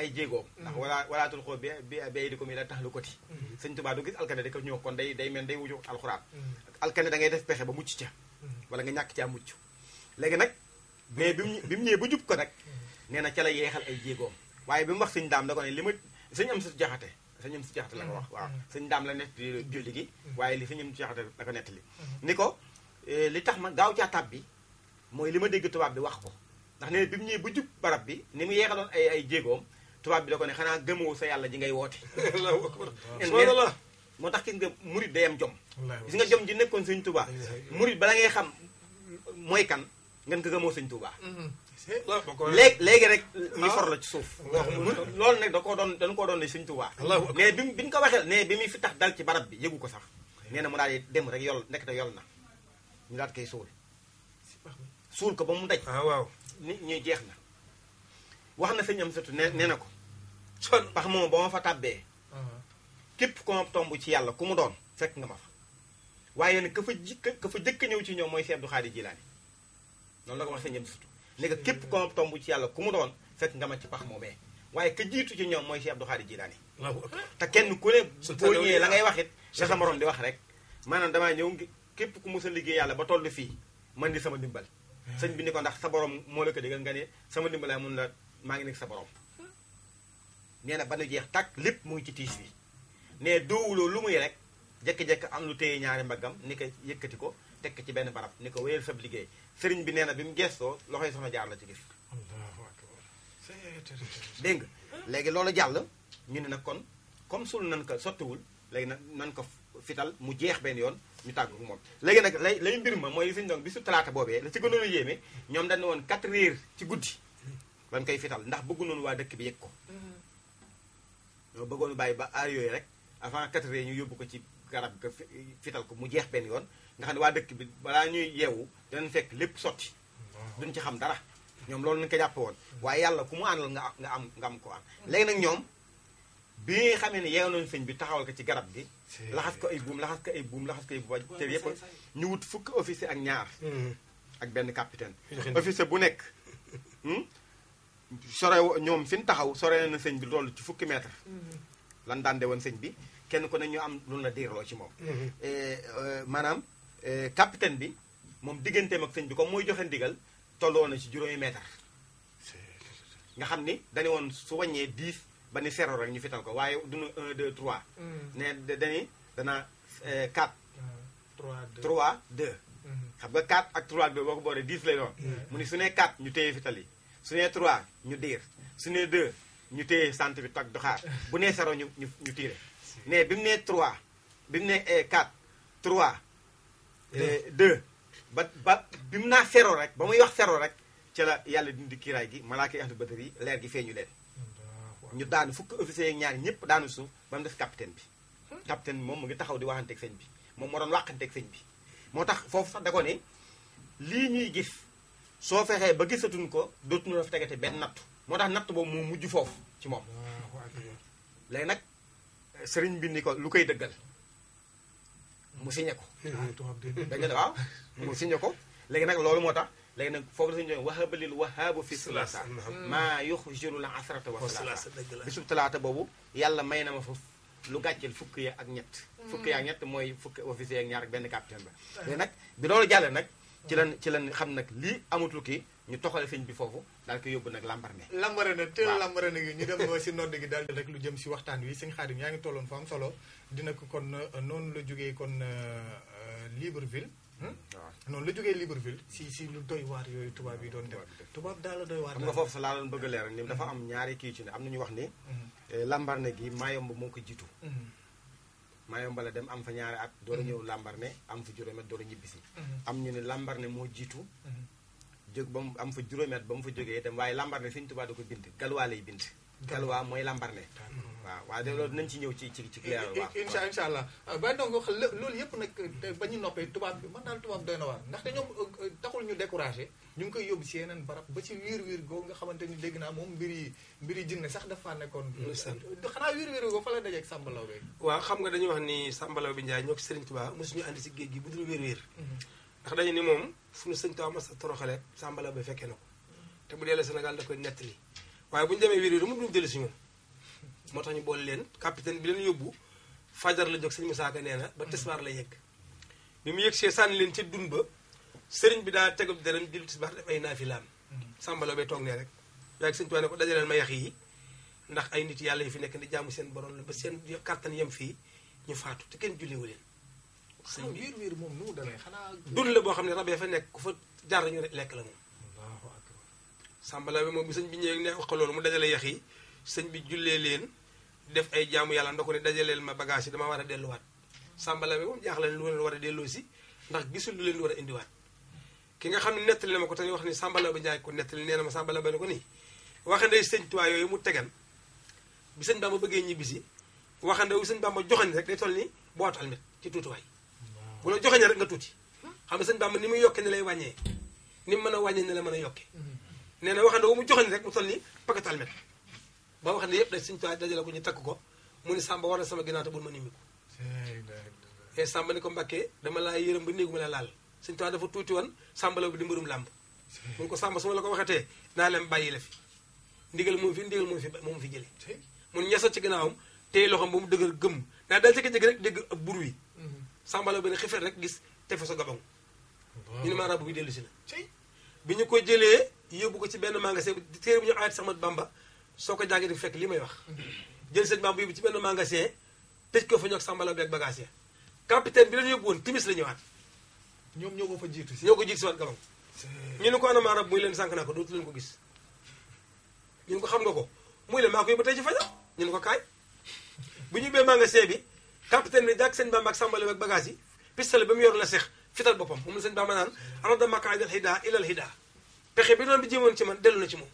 ay jéegoom ndax wala walaatul xoo bi bi bay di ko mi la tax lu koti sëñ Tuubaa du gis alkane da ko ñëw kon day day mel day wuju alxuraan alkane da ngay def pexe ba mucc ca wala nga ñàkk caa mucc léegi nag mais bi mu bi mu ñëwee ba jub ko nag nee na ca la yeexal ay jéegoom waaye bi mu wax sëñ daam da ko ne li ma sëñ am sa jaxate sëñ am si jaxate la ko wax waaw sëñ daam la nett julli gi waaye li sëñ am si jaxate la ko nettali ni ko eh, li tax ma gaaw caa tab bi mooy li ma dégg tubaab bi wax ko ndax nee bi mu ñëwee ba jub barab bi ni mu yeexaloon ay ay jéegoom tubaab bi da ko ne xanaa gëmoo sa yàlla ji ngay woote moo tax gis nga murit day am jom si nga jom ji nekkoon sëñ Tuubaa murit bala ngay xam mooy kan ngeen ko gëmoo sëñ Tuubaa léegi léegi rek ñu ah. for la ci suuf mu loolu nag da koo doon dañ koo doon ne suñ Tuubaa mais bi bi ñu waxee ne bi muy fi tax dal ci barab bi yëgu ko sax nee na mu daal di dem rek yol nekk te yol na ñu daal koy suul suul ko ba mu daj ah, waaw nit ñi jeex na wax na sëñ am satu nee na ko pax moom ba ma fa tàbbee ah. képp ko ma tomb ci yàlla ku mu doon fekk nga ma fa waaye nag ka fa ka fa jëkk ñëw ci ñoom mooy seebdu xaadi jilaani noonu la ko wax sëñ am satu ne ko képp ko ma tomb ci yàlla ku mu doon fekk nga ma ci pax moomee waaye ka jiitu ci ñoom mooy seebdu xaadi jilaani te kenn ku ne boo ñëwee la ngay waxit ah. sa morom di wax rek maanaam damaa ñëw képp ku liggéey yàlla ba toll fii man di sama dimbal sëñ bi ni ko ndax sa borom moo la ko nga ne sama ndimbalaay mun la maa ngi nekk sa borom nee na ba nu jeex tàkk lépp mu ngi ci tiis bi ne doowuloo lu muy rek jekk-jekk am lu téye ñaari mbaggam ni ko yëkkati ko tekk ci benn barab ni ko wéyal sab liggéey sëriñ bi nee na bi mu gestoo loxoy soxna jaar la ci gis dégg nga léegi loolu jàll ñu ne nag kon comme sul nan ko sottiwul léegi nag nan ko fital mu jeex benn yoon ñu tàggu moom léegi nag lay lay mbir ma mooy li suñu bi su talaata boobee la ci gënoon a yéeme ñoom dañ ne woon 4 heures ci guddi lañ koy fital ndax bëggu noonu waa dëkk bi yëg ko mhm. ñoo bëggoon bàyyi ba aar yooyu rek avant 4 heures ñu yóbbu ko ci garab ga fital ko mu jeex benn yoon nga xam ne waa dëkk bi balaa ñuy yeewu danañ fekk lépp sotti duñ ci xam dara ñoom loolu na ko jàppe woon mhm. waaye yàlla ku mu àndal nga am nga am ko am mhm. léegi nag ñoom bi nga xamee ne yeew nañu sëñ bi taxawal ko ci garab gi. laxas ko ay buum laxas ko ay buum laxas ko ay buum ba te yëpp ñu wut fukk officier ak ñaar. Hmm. ak benn capitaine. officier bu nekk. Hmm? sore ñoom fi ñu taxaw sore na sëñ bi loolu ci fukki mètre. Hmm. lan daan de woon sëñ bi kenn ku ne ñu am lu la diirloo ci moom. Eh, eh, maanaam eh, capitaine bi moom digganteem ak sëñ bi comme mooy joxe ndigal tolloo na ci juróomi mètre. nga xam ni dañu woon su wàññee 10. ba eh, hmm. ni zéro rek ñu fital ko waaye duñu 1 2 3 ne dañuy dana 4 3 2 xam nga 4 ak 3 ak 2 boo ko 10 lay doon mu ni su nee 4 ñu téye fitali yi su nee 3 ñu diir su nee 2 ñu téye sant bi tak doxaar bu nee zéro ñu ñu tiré tiire ne bi mu 3 bi mu 4 3 2 ba ba bi na naa rek ba muy wax zéro rek ci la yalla dindi kiray gi malaaka yi ahlu badar leer gi feñu leen ñu daan fukk officier ak ñaar ñëpp daanu suuf ba mu def capitaine bi capitaine bi moom mu ngi taxaw di waxanteeg sëñ bi moom moo doon waxanteeg sëñ bi moo tax foofu sax da ko ne lii ñuy gis soo fexee ba gisatuñ ko dootuñu daf tegate benn nattu moo tax natt boobu moo mujj foofu ci moom léegi nag sëriñ bi ni ko lu koy dëggal mu signé ko dégg nga waaw mu signé ko léegi nag loolu moo tax léegi nag foofu la ñuy wahaba lil wahaabu fi salaasa maa yuxjilu la asrata wa salaasa bisub talaata boobu yàlla may na ma foofu lu gàcceel fukk ya ak ñett fukk ya ak ñett mooy fukk officier ak ñaar ak benn capitaine ba léegi nag bi loolu jàlle nag ci lan ci lan xam nag lii amatul kii ñu toxale sëñ bi foofu daal ko yóbbu nag lambar ne lambare na teel lambare na gi ñu dem si nodd gi daal rek lu jëm si waxtaan wi sëñ Xaadim yaa ngi tolloon fa am solo dina ko kon noonu la jógee kon Libreville waaw hmm? noonu la jógee Libreville si si lu doy waar yooyu tubaab yi doon def tubaab daal la doy waar. xam nga foofu sa laa doon bëgg a leer ni dafa am hmm. ñaari kii ci ne am na ñu wax ni. Hmm. Eh, Lambaréné gi Mayomb moo ko jiitu. Mayomb la dem am fa ñaari at door a ñëw Lambaréné am fa juróomi at door a ñibbisi. am ñu ne Lambaréné moo jiitu. jóg ba mu am fa juróomi at ba mu fa jógee dem waaye Lambaréné Sëñ Tuubaa da ko bind galuwaale yi bind. galwa mooy lambarle waaw waaw de loolu nañ ci ñëw ci ci ci leeral waaw insha insha allah waaye ah, donc loolu yëpp nag ba ñu noppee tubaab bi man daal tubaab doy na waar ndaxte ñoom taxul ñu découragé ñu ngi koy yóbbu si yeneen barab ba ci wiir wiir googu nga xamante ni dégg naa moom mbir yi mbir yi jinne sax dafa nekkoon xanaa wiir wiir googu fa la dajeeg sàmbalaw bi waaw xam nga dañuy wax ni sàmbalaw bi njaay ñoo ko sëriñ tuba mosuñu andi si géej gi bu dul wiir wiir hmm. ndax dañu ni moom fu nu tuba mas a toroxale sàmbalaw bi fekkee na te bu dee la da koy nettali waaye bu ñu demee wér-wér mu duñ dellu si moo tax ñu bool leen capitaine bi leen yóbbu fajar la jóg sëñ Moussa Ka nee na ba tisbaar la yegg bi mu yegg see sànni leen ci dun ba sëriñ bi daa tegub deram jël tisbaar def ay naafilaam sàmbala bay toog nee rek yaa ngi sëñ Tuubaa ne ko dajaleen ma yax yi ndax ay nit yàlla yi fi nekk ni jaamu seen borom la ba seen kàttan yem fii ñu faatu te kenn julliwu leen sëñ bi dun la boo xam ne rabee fa nekk ku fa jaar ñu lekk la moom sàmbala bi moom bi señ bi ñëw ne wax ko mu dajale yax señ bi jullé leen def ay jaamu yalla ndako ne dajaleel ma bagage dama wara a wat sàmbala bi moom jaaxle lu leen wara a ci ndax gisul lu leen wara indi wat ki nga xamni netal nettali na ma ko wax ni sàmbala bi njaay ko netal neena ma sàmbala ba ko ni waxe ndey señ tuwa yoy mu tegal bi sëñ Bamba bëggee ñibbisi waxe ndey señ dama joxañ rek day tolni ni boitu almet ci way bu la joxañe rek nga tuti xam nga señ dama ni muy yokkee ni lay wañé ni mëna wañé ni la mëna a nee na waxande wu mu joxoon rek mu toll ni paquet almet ba waxande yëpp day suñu tuwaay dajale ko ñu takk ko mu ni Samba war na sama ginaata te ma nimiku. Eh, Samba ni ko Mbàkke dama laa yërëm ba néegu ma la laal suñu tuwaay dafa tuuti woon Samba la bi làmb. mu ko Samba su la ko waxatee naa leen la fi ndigal moom fi ndigal moom fi moom fi jëlee. mun ñasal ci ginnaawam tey loxoom ba mu dëgër gëmm ndax daal jékki-jékki rek dégg ab bur wi. Mm-hmm. Samba bi ne xifeet rek gis te fa sa gabaŋ. ñu ne ma rab bi dellu si na. bi ñu ko jëlee yóbbu ko ci benn magasin téere bu ñu ayat sax mat bamba soo ko jàngee di fekk li may wax jël sëñ bamba yóbbu ci benn magasin tëj ko fa ñoo ak bi ak bagage ya capitaine bi la ñu yóbbu woon timis la ñëwaat ñoom ñoo ko fa jiitu si ñoo ko jiitu si waat galon ñu ne ko anam arab muy leen sànq naa ko dootu leen ko gis ñu ne ko xam nga ko muy leen maa ko yóbbu tey ci fajar ñu ne ko kaay bu ñu ubbee magasin bi capitaine bi jàkk sëñ bamba ak sàmbala bi ak bagage yi pistolet bi mu yor la seex fital boppam mu la seen bamba naan arada makaidal hida ila al hida pexe bi noonu bi jëmoon ci man dellu na ci moom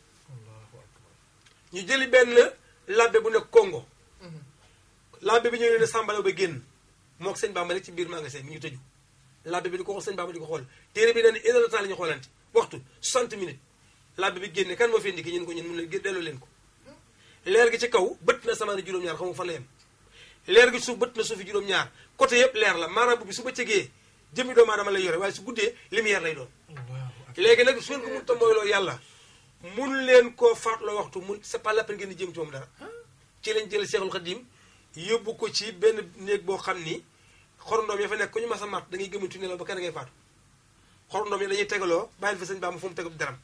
ñu jëli benn labbe bu nekk Congo labbe bi ñëw ne sàmbale ba génn moo sëñ Bamba ci biir magasin bi ñu tëju labbe bi di ko sëñ Bamba di ko xool téere bi nee na une heure de ñu xoolante waxtu 60 minutes labbe bi génne kan moo fi indi ki ñun ko ñun mun leen delloo leen ko leer gi ci kaw bët na samaani juróom-ñaar xam nga fan la yem leer gi ci bët na suufi juróom-ñaar côté yëpp leer la maanaam bu bi su bëccëgee jëmmi doomu aadama lay yore waaye su guddee lumière lay doon léegi nag su ngeen ko mënut a yàlla mun leen koo farloo waxtu mun c'est pas ngeen di jëm ci moom dara ci lañ jël Seexul Xadim yóbbu ko ci benn néeg boo xam ni xorondoom ya fa nekk ku ñu mas a mat da ngay gëmantu nelaw ba kenn ngay faatu xorondoom yi dañuy tegaloo bàyyil fa sëñ Bamba fu mu tegub daram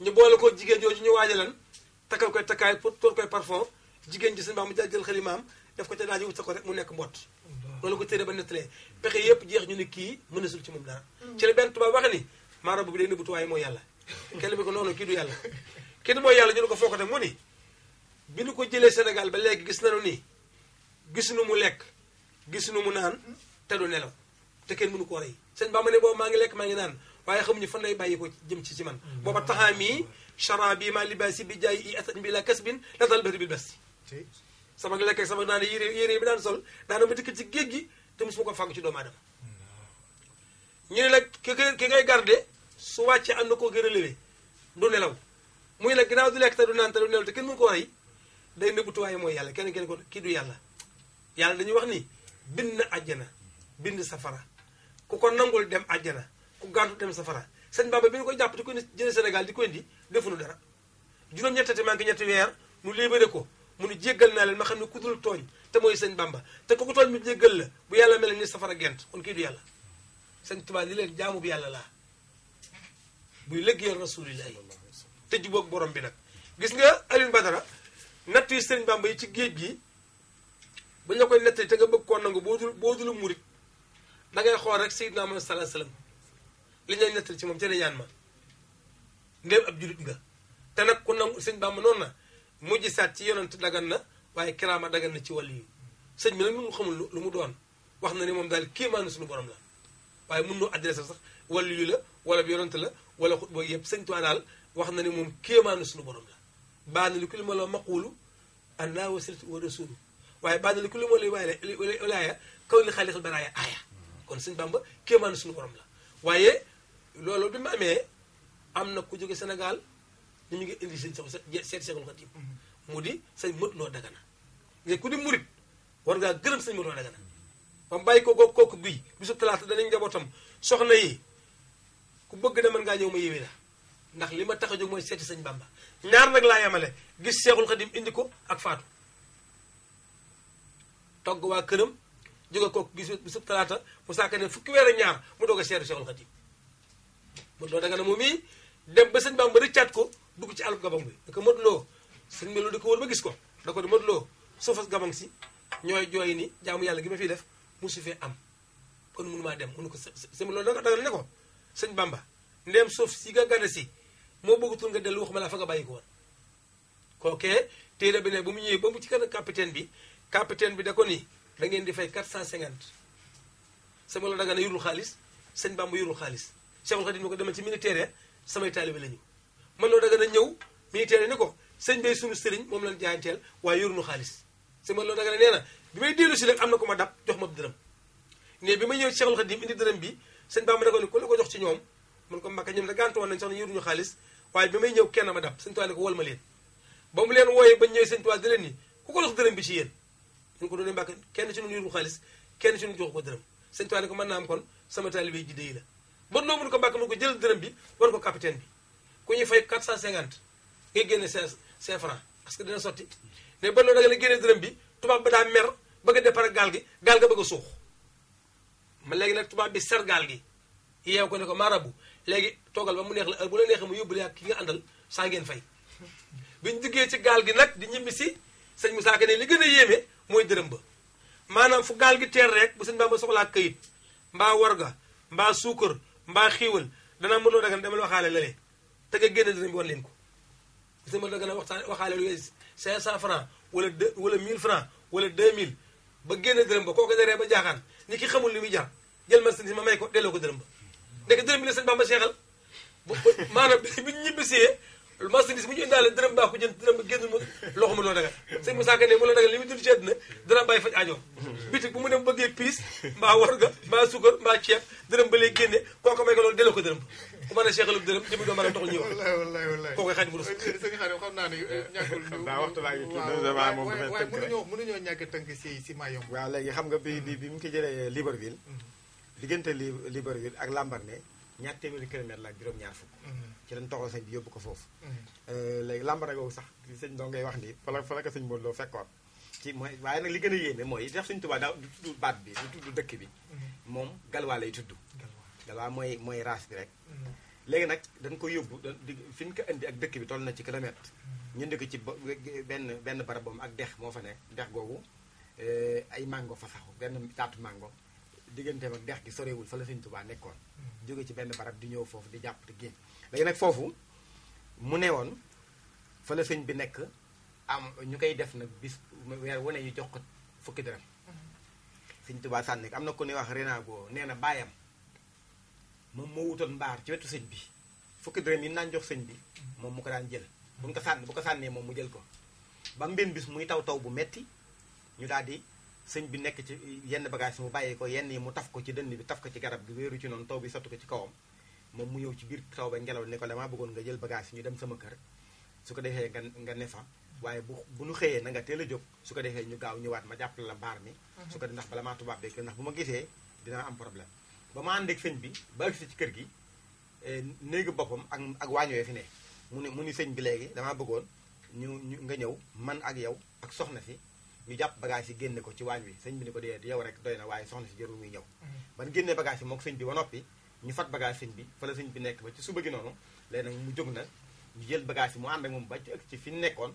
ñu boole ko jigéen jooju ñu waajalan takkal koy takkaay pour tóor koy parfum jigéen ji sëñ Bamba jël xalimaam def ko ca daal ji sa ko rek mu nekk mbott loolu ko téere ba nettalee pexe yëpp jeex ñu ne kii mënasul ci moom dara mm. ci la benn tubaab waxe ni maara bu bi day nëbbu tuwaay moo yàlla kenn bi ko noonu kii du yàlla kii du mooy yàlla ñu ko fookate mu ni bi nu ko jëlee Sénégal ba léegi gis nañu ni gis nu mu lekk gis nu mu naan te du nelaw te kenn mënu koo rey sëñ Bamba ne boobu maa ngi lekk maa ngi naan waaye xamuñu fan nay bàyyi ko jëm ci ci man mm. booba taxaam yi chara bi ma libaasi bi jaay yi bi la kas bin latal bëri bi bes sama lekk sama naan yére yére bi daan sol daana ma dikk ci géej gi te mosuma ko fàgg ci doomu aadama ñu ne nag ki ki ngay garde su wàccee am na koo gën a relevé du nelaw muy nag ginnaaw du lekk te du naan te du nelaw te kenn mënu mooy yàlla kenn kenn ko kii du yàlla yàlla dañuy wax ni bind na àjjana bind safara ku ko nangul dem àjjana ku gàntu dem safara sëñ Bamba bi ñu koy jàpp di ko jëlee Sénégal di ko indi defuñu dara juróom-ñettati manque ñetti weer nu libéré ko mu ne jéggal naa leen ma xam ne ku dul tooñ te mooy sëñ Bamba te ku ko tooñ mu jéggal la bu yàlla mel ni safara gent kon kii du yàlla sëñ Tuubaa li leen jaamu bu yàlla laa buy liggéeyal rasulillah yi te jubóog borom bi nag gis nga Alioune Badara natt yi sëñ Bamba yi ci géej gi buñ la koy nettali te nga bëgg koo nangu boo dul boo dul murit da ngay xool rek Seydina naa sallallahu alayhi wasallam li ñuy nettali ci moom ca ne ñaan ma ndéem ab julit nga te nag ku nangu sëñ na mujjisaat ci yonent dagan na waaye kiraama dagan na ci wàll yi sëñ bi nag mënul xamul lu mu doon wax na ni moom daal kéemaanu suñu borom la waaye mën noo adressé sax wàll yu la wala bi yonent la wala xut booy yëpp sëñ Tuubaa daal wax na ni moom kéemaanu suñu borom la baana li kulli ma la maquulu anna wasiltu wa rasulu waaye baana li kulli ma la waay walaaya kaw li xaalixal baraaya aaya kon sëñ Bamba kéemaanu suñu borom la waaye loolu bi mu amee am na ku jóge Sénégal ñu ngi indi sëñ sax seet seexul xadim mhm. mu di sëñ mët lo dagana nga ku di murit war nga gërëm sëñ mët lo dagana bam bay ko goog kok guy bisu talaata danañ njabootam soxna yi ku bëgg na mën nga ñëw ma yewi la ndax lima taxaju moy a jóg sëñ bamba ñaar nak la yemale gis cheikhul khadim indi ko ak fatou togg wa kërëm jóge kooku gis bisu talaata mu saaka ne fukki wéra ñaar mu doga a seetu seexul xadim mët loo dagana moom dem ba sëñ bamba rëccaat ko dugg ci àllub gabang bi da ko Modou Lo sëñ melu di ko ba gis ko da ko di Modou Lo suufas gabang si ñoy joy ni jaamu yalla gi ma fi def musu am on mënu maa dem mënu ko sëñ loolu da nga ne ko sëñ Bamba ndeem sof si nga gàdde si moo bëggatul nga dellu waxuma laa fa nga won ko ke kookee téere bi ne ba mu ñëwee ba mu ci kan capitaine bi capitaine bi da ko ni da ngeen di fay 450 sama la da nga ne yurul xaalis sëñ Bamba yurul xaalis Cheikhul Khadim ko demal ci militaire ya, samay talibé lañu man loo daga na ñëw militaire ni ko sëñ bay sunu sëriñ moom lañ jaayanteel waaye yoruñu xaalis si man loo daga na nee na bi may dellu si nag am na ko ma dab jox ma dërëm ne bi ma ñëw Cheikhul Khadim indi dërëm bi sëñ Bamba da la ko jox ci ñoom mun ko makka ñoom da gàntu woon nañ sax ne yoruñu xaalis waaye bi may ñëw kenn ma dab sëñ Tuubaa ne ko ma leen ba mu leen wooyee ba ñëwee sëñ Tuubaa di leen ni ku ko jox dërëm bi ci yéen ñu ko doonee mbàkk kenn ci ñun xaalis kenn ci ñun jox ko dërëm sëñ Tuubaa ko mën naa am sama taalibe ji dey la ba noo mun ko mbàkk mun ko jël dërëm bi war ko capitaine bi ku ñuy fay 450 ngay génne 5 5 francs parce que dina sotti mais ba noonu da nga génne dërëm bi tubaab ba daa mer bëgg a départ gaal gi gaal nga bëgg a léegi nag tubaab bi ser gi yeew ko ne ko maarabu léegi toogal ba mu neex la bu la neexee mu yóbbule ak ki nga àndal saa ngeen fay bi duggee ci gaal gi nag di ñibbi si sëñ Moussa Ka ne li gën a yéeme mooy dërëm ba maanaam fu gaal gi teer rek bu sëñ Bamba soxlaa këyit mbaa warga mbaa suukar mbaa xiiwal dana mënoo dagan demal waxaale lalee تجد زين بولينكو زين بولينكو أنا وقت وقت على الويز سياسة فرا ولا ولا ميل فرا ولا دي ميل بجينا زين بكو كده ريبا جاكان نيكي خمول لي بيجار جل ما سنسي ما ما يكو دلوكو زين بولينكو نك زين بولينكو سنبا ما شغل ما أنا بني بسيه marchandise bu ñu indaale dërëm baax ko jënd dërëm génn ma loxo ma loo dagal sëñ Moussa Ka ne mu loo dagal li muy dund ci àddina dana bàyyi faj aajoom bitik bu mu dem bëggee piis mbaa warga mbaa suukar mbaa ceeb dërëm ba lay génne kooku may ko loolu delloo ko dërëm ku mën a seexalub dërëm jëmi doo mën a doxal ñëw kooku xaaj bu rus xam naa ne eh, ñàkkul waaye mënuñoo mënuñoo ñàkk tënk bi bi bi mu ko jëlee Libreville mm-hmm. diggante Libreville ak Lambaréné ñaar téeméeri kilomètre la ak juróom ñaar fukk mhm. ci lañ toxal sëñ bi yóbbu ko foofu mhm. euh, léegi lambara googu sax sëñ doo ngay wax ni fa la fa sëñ Modou Lo fekkoon ci mooy waaye nag li gën a yéeme mooy tax sëñ Tuubaa daa du tudd baat bi du tudd dëkk bi mhm. moom galwaa lay tudd galwaa mooy mooy race bi rek léegi nag dañ ko yóbbu fi ñu ko indi ak dëkk bi toll na ci kilomètre ñu ndi ko ci benn benn barabam ak dex moo fa dex googu euh, ay mango fa saxu benn taatu mango digganteem ak dex gi sorewul fa la sëñ Tuubaa nekkoon jóge ci benn barab di ñëw foofu di jàpp te génn léegi nag foofu mu ne woon fa la sëñ bi nekk am ñu koy def nag bis weer wane ñu jox ko fukki dërëm sëñ Tuubaa sànni am na ko ni wax Renago nee na baayam moom moo wutoon mbaar ci wetu sëñ bi fukki dërëm yi naan jox sëñ bi moom mu ko daan jël bu ñu ko sànn bu ko sànnee moom mu jël ko ba mbenn bis muy taw taw bu metti ñu daal sëñ bi nekk ci yenn bagage mu bàyyi ko yenn yi mu taf ko ci dënn bi taf ko ci garab gi wéeru ci noonu taw bi sotti ko ci kawam moom mu ñëw ci biir taw ba ngelaw ne ko damaa bëggoon nga jël bagage yi ñu dem sama kër su ko defee nga nga ne fa waaye bu bu nu xëyee na nga teel a jóg su ko defee ñu gaaw ñëwaat ma jàppale la baar mi mhm. su ko ndax bala maa tubaab de ndax bu ma gisee dinaa am problème ba ma ànd sëñ bi ba agsi ci kër gi e, néegu boppam ak ak waañowee fi ne mu ne mu ni sëñ bi léegi damaa bëggoon ñu ñu nga ñëw man ak yow ak soxna fi ñu jàpp bagage yi génne ko ci waañ wi sëñ bi ni ko déedéet yow rek doy na waaye soxna si jarul muy ñëw ban mm-hmm. génnee bagage yi ba noppi ñu fat ba ci suba gi mu jóg na ñu jël bagage yi mu ànd ak moom ba ci ëkk ci fi mi ci defar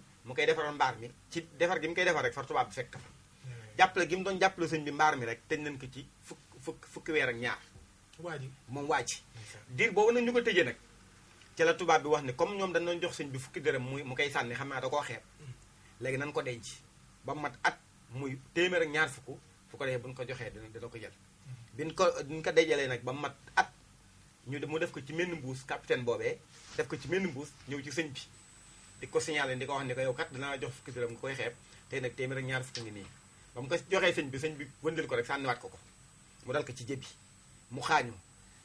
mm-hmm. ko ci fukk fukk fukki weer ak ñaar moom waa ji diir boobu nag ñu ko tëjee nag ci la tubaab bi wax ne comme ñoom dañ doon jox sëñ bi fukki dërëm mu mu koy sànni xam naa da koo xeeb mm. léegi nan ko denc ba mu mat at muy téeméer ak ñaar fukk fu ko defee bu ñu ko joxee dina ko jël. Mm-hmm. biñ ko biñ ko dajalee nag ba mu mat at ñu mu def ko ci menn mbuus capitaine boobee def ko ci menn mbuus ñëw ci sëñ bi di ko signalé di ko wax ne ko yow kat dinaa jox fukki dërëm nga koy xeeb tey nag téeméer ak ñaar fukk ngi nii. ba mu ko joxee sëñ bi sëñ bi wëndeel ko rek sànniwaat ko ko mu dal ko ci jébbi mu xaañu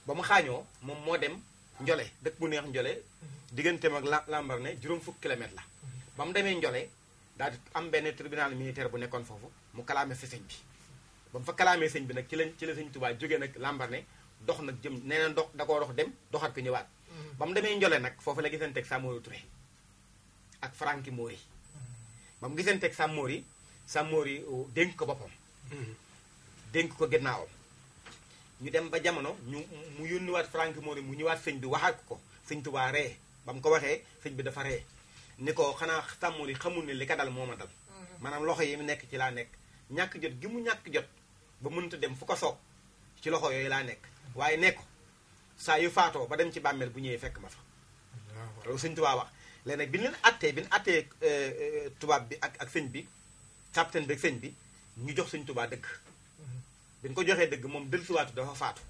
ba mu xaañoo moom moo dem Njole dëkk bu neex Njole mm-hmm. digganteem ak Lambaréné juróom fukki kilomètre la mm-hmm. ba mu demee Njole daal am benn tribunal militaire bu nekkoon foofu mu kalaame fi sëñ bi ba mu fa kalaamee sëñ bi nag ci lañ ci la sëñ Tuubaa jógee nag Lambaréné dox nag jëm nee na dox da koo dox dem doxat ko ñëwaat. Mm-hmm. ba mu demee Njole nag foofu la gisanteeg Samori Touré ak Franky Mori. Mm-hmm. ba mu gisanteeg Samori Samori uh, dénk ko boppam. Mm-hmm. dénk ko ginnaawam. ñu dem ba jamono ñu mu yónniwaat Franky Mori mu ñëwaat sëñ bi waxaat ko sëñ Tuubaa ree ba mu ko waxee sëñ bi dafa ree ni ko xanaa sàmm yi xamul ne li ka dal moo ma dal. Mhm. maanaam loxo yi mu nekk ci laa nekk ñàkk jot gi mu ñàkk jot ba mënta dem fu ko soog ci loxo yooyu laa nekk waaye nekk saa yu faatoo ba dem ci bàmmeel bu ñëwee fekk ma fa. loolu sëñ Tuubaa wax léegi nag bi ñu bi ñu attee euh, euh, tubaab bi ak ak sëñ bi capitaine bi sëñ bi ñu jox sëñ Tuubaa dëgg. Mhm. bi ñu ko joxee dëgg moom dellusiwaatu dafa faatu.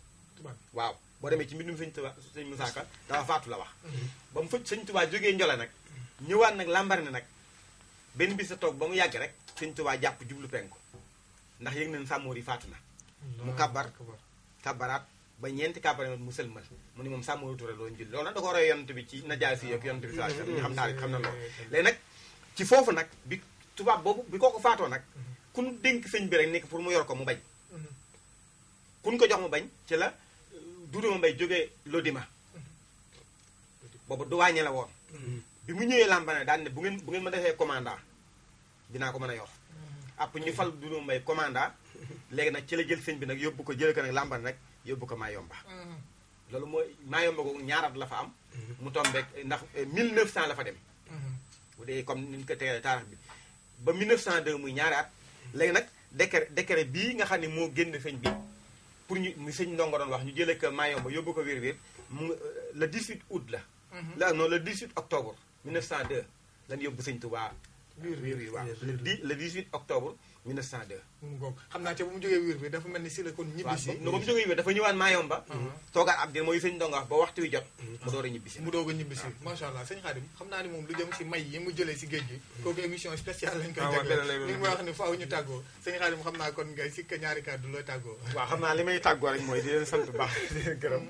waaw boo demee ci mbindum sëñ Tuubaa sëñ Musaa dafa faatu la wax. Mhm. ba mu fëj sëñ tubaa jógee Njole nag. ñëwaat nag làmbari ne nag benn bi sa toog ba mu yàgg rek sëñ Tuubaa jàpp jublu ko ndax yëg nañ sàmmoor yi faatu na mu kabar kabaraat ba ñeenti kabar mu sëlmal mu ne moom sàmmoor Touré loolu julli loolu nag ko roy yonent ci najaay si yeeg yonent bi sax xam naa xam na loolu léegi ci foofu nag bi tubaab boobu bi kooku faatoo nag ku nu dénk sëñ bi rek nekk pour mu yor ko mu bañ kun ko jox mu bañ ci la duduma mbay jógee Lodima boobu du wàññi la woon mm-hmm. bi mu ñëwee Lambaréné daan ne bu ngeen bu ngeen ma defee commandant dinaa ko mën a yor. app ñu fal Doudou Mbaye commandant léegi nag ci la jël sëñ bi nag yóbbu ko jël ko nag Lambaréné nag yóbbu ko Mayomba. Mm-hmm. loolu mooy Mayomba googu ñaarat la fa am. Mm-hmm. mu tombé ndax 1900 eh, la fa dem. Mm-hmm. bu dee comme ni ñu ko tegalee taarix bi ba 1902 muy ñaari at léegi nag décret décret bii nga xam ne moo génn sëñ pour ñu ni sëñ ndongo doon wax ñu jëlee ko Mayomba yóbbu ko wér-wér mu eh, le 18 août la. la non le 18 octobre. 1902 lañ yóbbu sëñ Touba. Riir Riir waaw le 18 octobre 1902. mu ngoog xam naa ca bu mu jógee wiir bi dafa mel ni si la kon ñibbisi no mu jógee wiir dafa ñëwaat Mayumba uh-huh. toogaat ab dir mooy sëñ donga wax ba waxtu uh-huh. a a ñibbisi macha allah sëñ Xaadim xam naa ni moom lu jëm may yi mu jëlee si géej gi uh-huh. kooku émission spéciale lañ koy ah, jagleel li may tàggoo rek mooy di leen sant baax di leen gërëm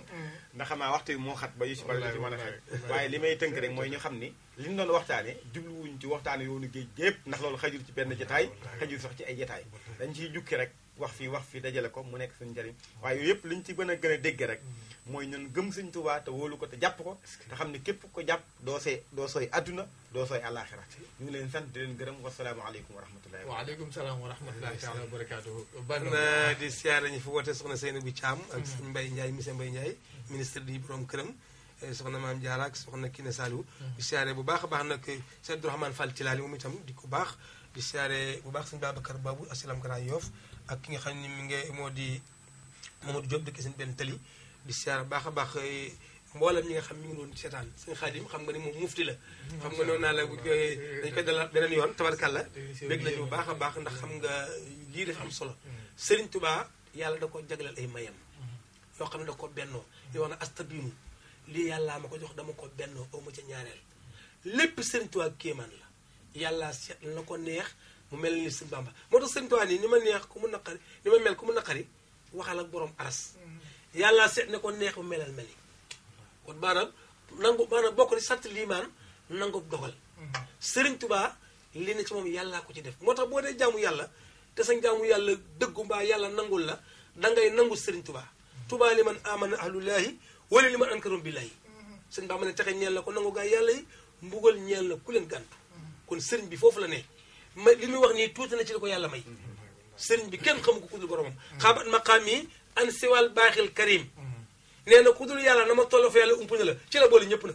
ndax xam naa a xet waaye li may tënk rek mooy ñu xam ni li ñu doon waxtaane jubluwuñ ci waxtaane yoonu géej gépp ndax loolu xajul ci benn jataay xajul sax ci ay jataay dañ ciy jukki rek wax fii wax fii dajale ko mu nekk suñu njariñ waaye yooyu yëpp liñ ci gën a gën a dégg rek mooy ñun gëm suñ tubaa te wóolu ko te jàpp ko te xam ne képp ko jàpp doo sooy doo sooy adduna doo sooy àllaaxira ñu ngi leen sant di leen gërëm wasalaamaaleykum wa rahmatullahi waaleykum salaam wa rahmatullahi taala wa barakaatu ban di siyaare ñu fi woote soxna Seynabou Thiam ak mm-hmm. suñ Mbaye Ndiaye monsieur Mbaye Ndiaye mm-hmm. ministre di borom këram eh, soxna maam Diarra ak soxna Kine Saliou mm-hmm. di siyaare bu baax a baax nag Seydou Rahmane Fall Tilali moom itam di ko baax di siyaare bu baax sëñ Babacar Babou asilam Grand Yoff ak ki nga xam ne mi ngi moo di Mamadou Diop dëkk seen benn tali di siyaare baax a baax eh, mboolem ñi nga xam mi ngi doon seetaan sëñ Xaadim xam nga ni moom mufti la xam nga noonu naa la eh, dañ koy dalal beneen yoon tabarkàlla bég nañu bu baax a baax ndax xam nga lii di am solo Serigne Touba yàlla da ko jagleel ay mayam yoo xam ne da ko bennoo yoo wax na astabiinu lii yàllaa ma ko jox dama ko bennoo aw ma ca ñaareel lépp Serigne Touba kéemaan la yàlla seet la ko neex mu mel ni Sëñ Bamba moo tax ni ma neex ku mu naqari ni ma mel ku mu naqari waxal ak borom aras mm-hmm. yàlla seet ne ko neex mu melal meli kon maanaam nangu maanaam bokk ni sant liimaan nangu dogal mm-hmm. Sëriñ Tuubaa li ne ci moom yàllaa ci def moo boo dee jaamu yàlla sa jaamu yàlla dëggu yàlla nangul la dangay nangu Sëriñ Tuubaa mm-hmm. Tuubaa li man amana ahlullaahi wala li man ankarum billaahi sëñ Bamba ne texe ñeel na ko nangu gaa yàlla yi mbugal ñeel na ku leen gàntu kon sëriñ bi foofu la ne ma li muy wax nii tuuti na ci li ko yàlla may sëriñ bi kenn xamu ko kudul boromam xaabat maqaam yi an siwal baaxil karim nee na kudul yàlla na ma tollo fa yàlla ump na la ci la boole ñëpp na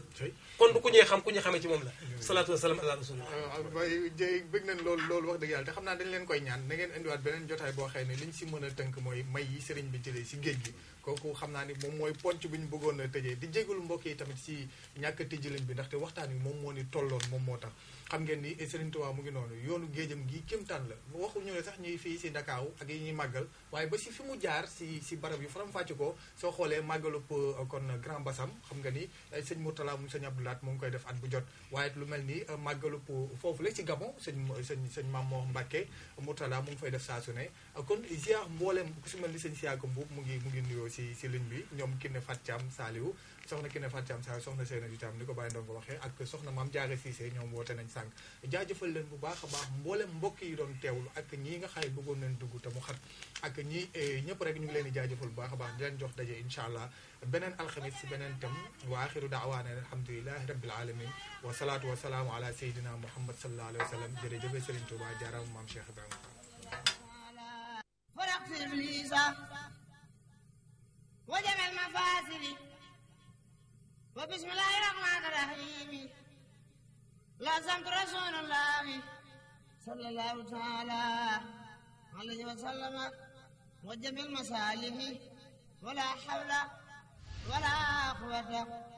kon du ku ñuy xam ku ñuy xamee moom la salaatu wasalaam ala rasulillah bay ah, ah, jëy bëgg nañ loolu wax dëgg yàlla xam naa dañ leen koy ñaan na ngeen indiwaat beneen jotaay boo xëy ne liñ si mën a tënk mooy may yi sëriñ bi jëlee si géej gi kooku xam naa ni moom mooy ponc bu ñu bëggoon a tëjee di jégul mbokk yi tamit si ñàkk tëjaliñ bi ndaxte waxtaan wi moom moo ni tolloon moom moo tax xam ngeen ni Serigne Touba mu ngi noonu yoonu géejam gi kéemtaan la waxuñu ne sax ñuy fii si Ndakaaw ak yi ñuy màggal waaye ba si fi mu jaar si si barab yi faram-fàcce ko soo xoolee màggalub euh, kon Grand Bassam xam nga ni euh, sëñ Mourtala mu sëñ Abdoulaat mu ngi koy def at bu jot waaye lu mel ni euh, màggalub foofu la si Gabon sëñ sëñ sëñ Maam Mor Mbacke Mourtala mu ngi fay def saasu su ne kon ziar mbooleem ku si mel ni sëñ Siaka Mbuub mu ngi mu ngi nuyoo si si ligne bi ñoom Kiné Fat Thiam Saliou soxna Kiné Fatou Thiam Sarr soxna Seynatou Thiam ni ko bàyyi doon ko waxee ak soxna Mame Diarra Cissé ñoom woote nañ sànq jaajëfal leen bu baax a baax mboolem mbokk yi doon teewlu ak ñii nga xay bëggoon nañ dugg te mu xat ak ñii ñëpp rek ñu ngi leen di jaajëfal bu baax a baax di leen jox daje incha allah beneen alxamis si beneen tam wa axiru daawaana alhamdulilahi rabbil alamin wa salaatu wa salaamu ala sayidina muhammad sallallahu alayhi wa sallam jërëjëf Serigne Touba jaaraam maam Cheikh Ibrahima وجمع المفاصل وبسم الله الرحمن الرحيم لازمت رسول الله صلى الله تعالى عليه وسلم وجب المصالح ولا حول ولا قوة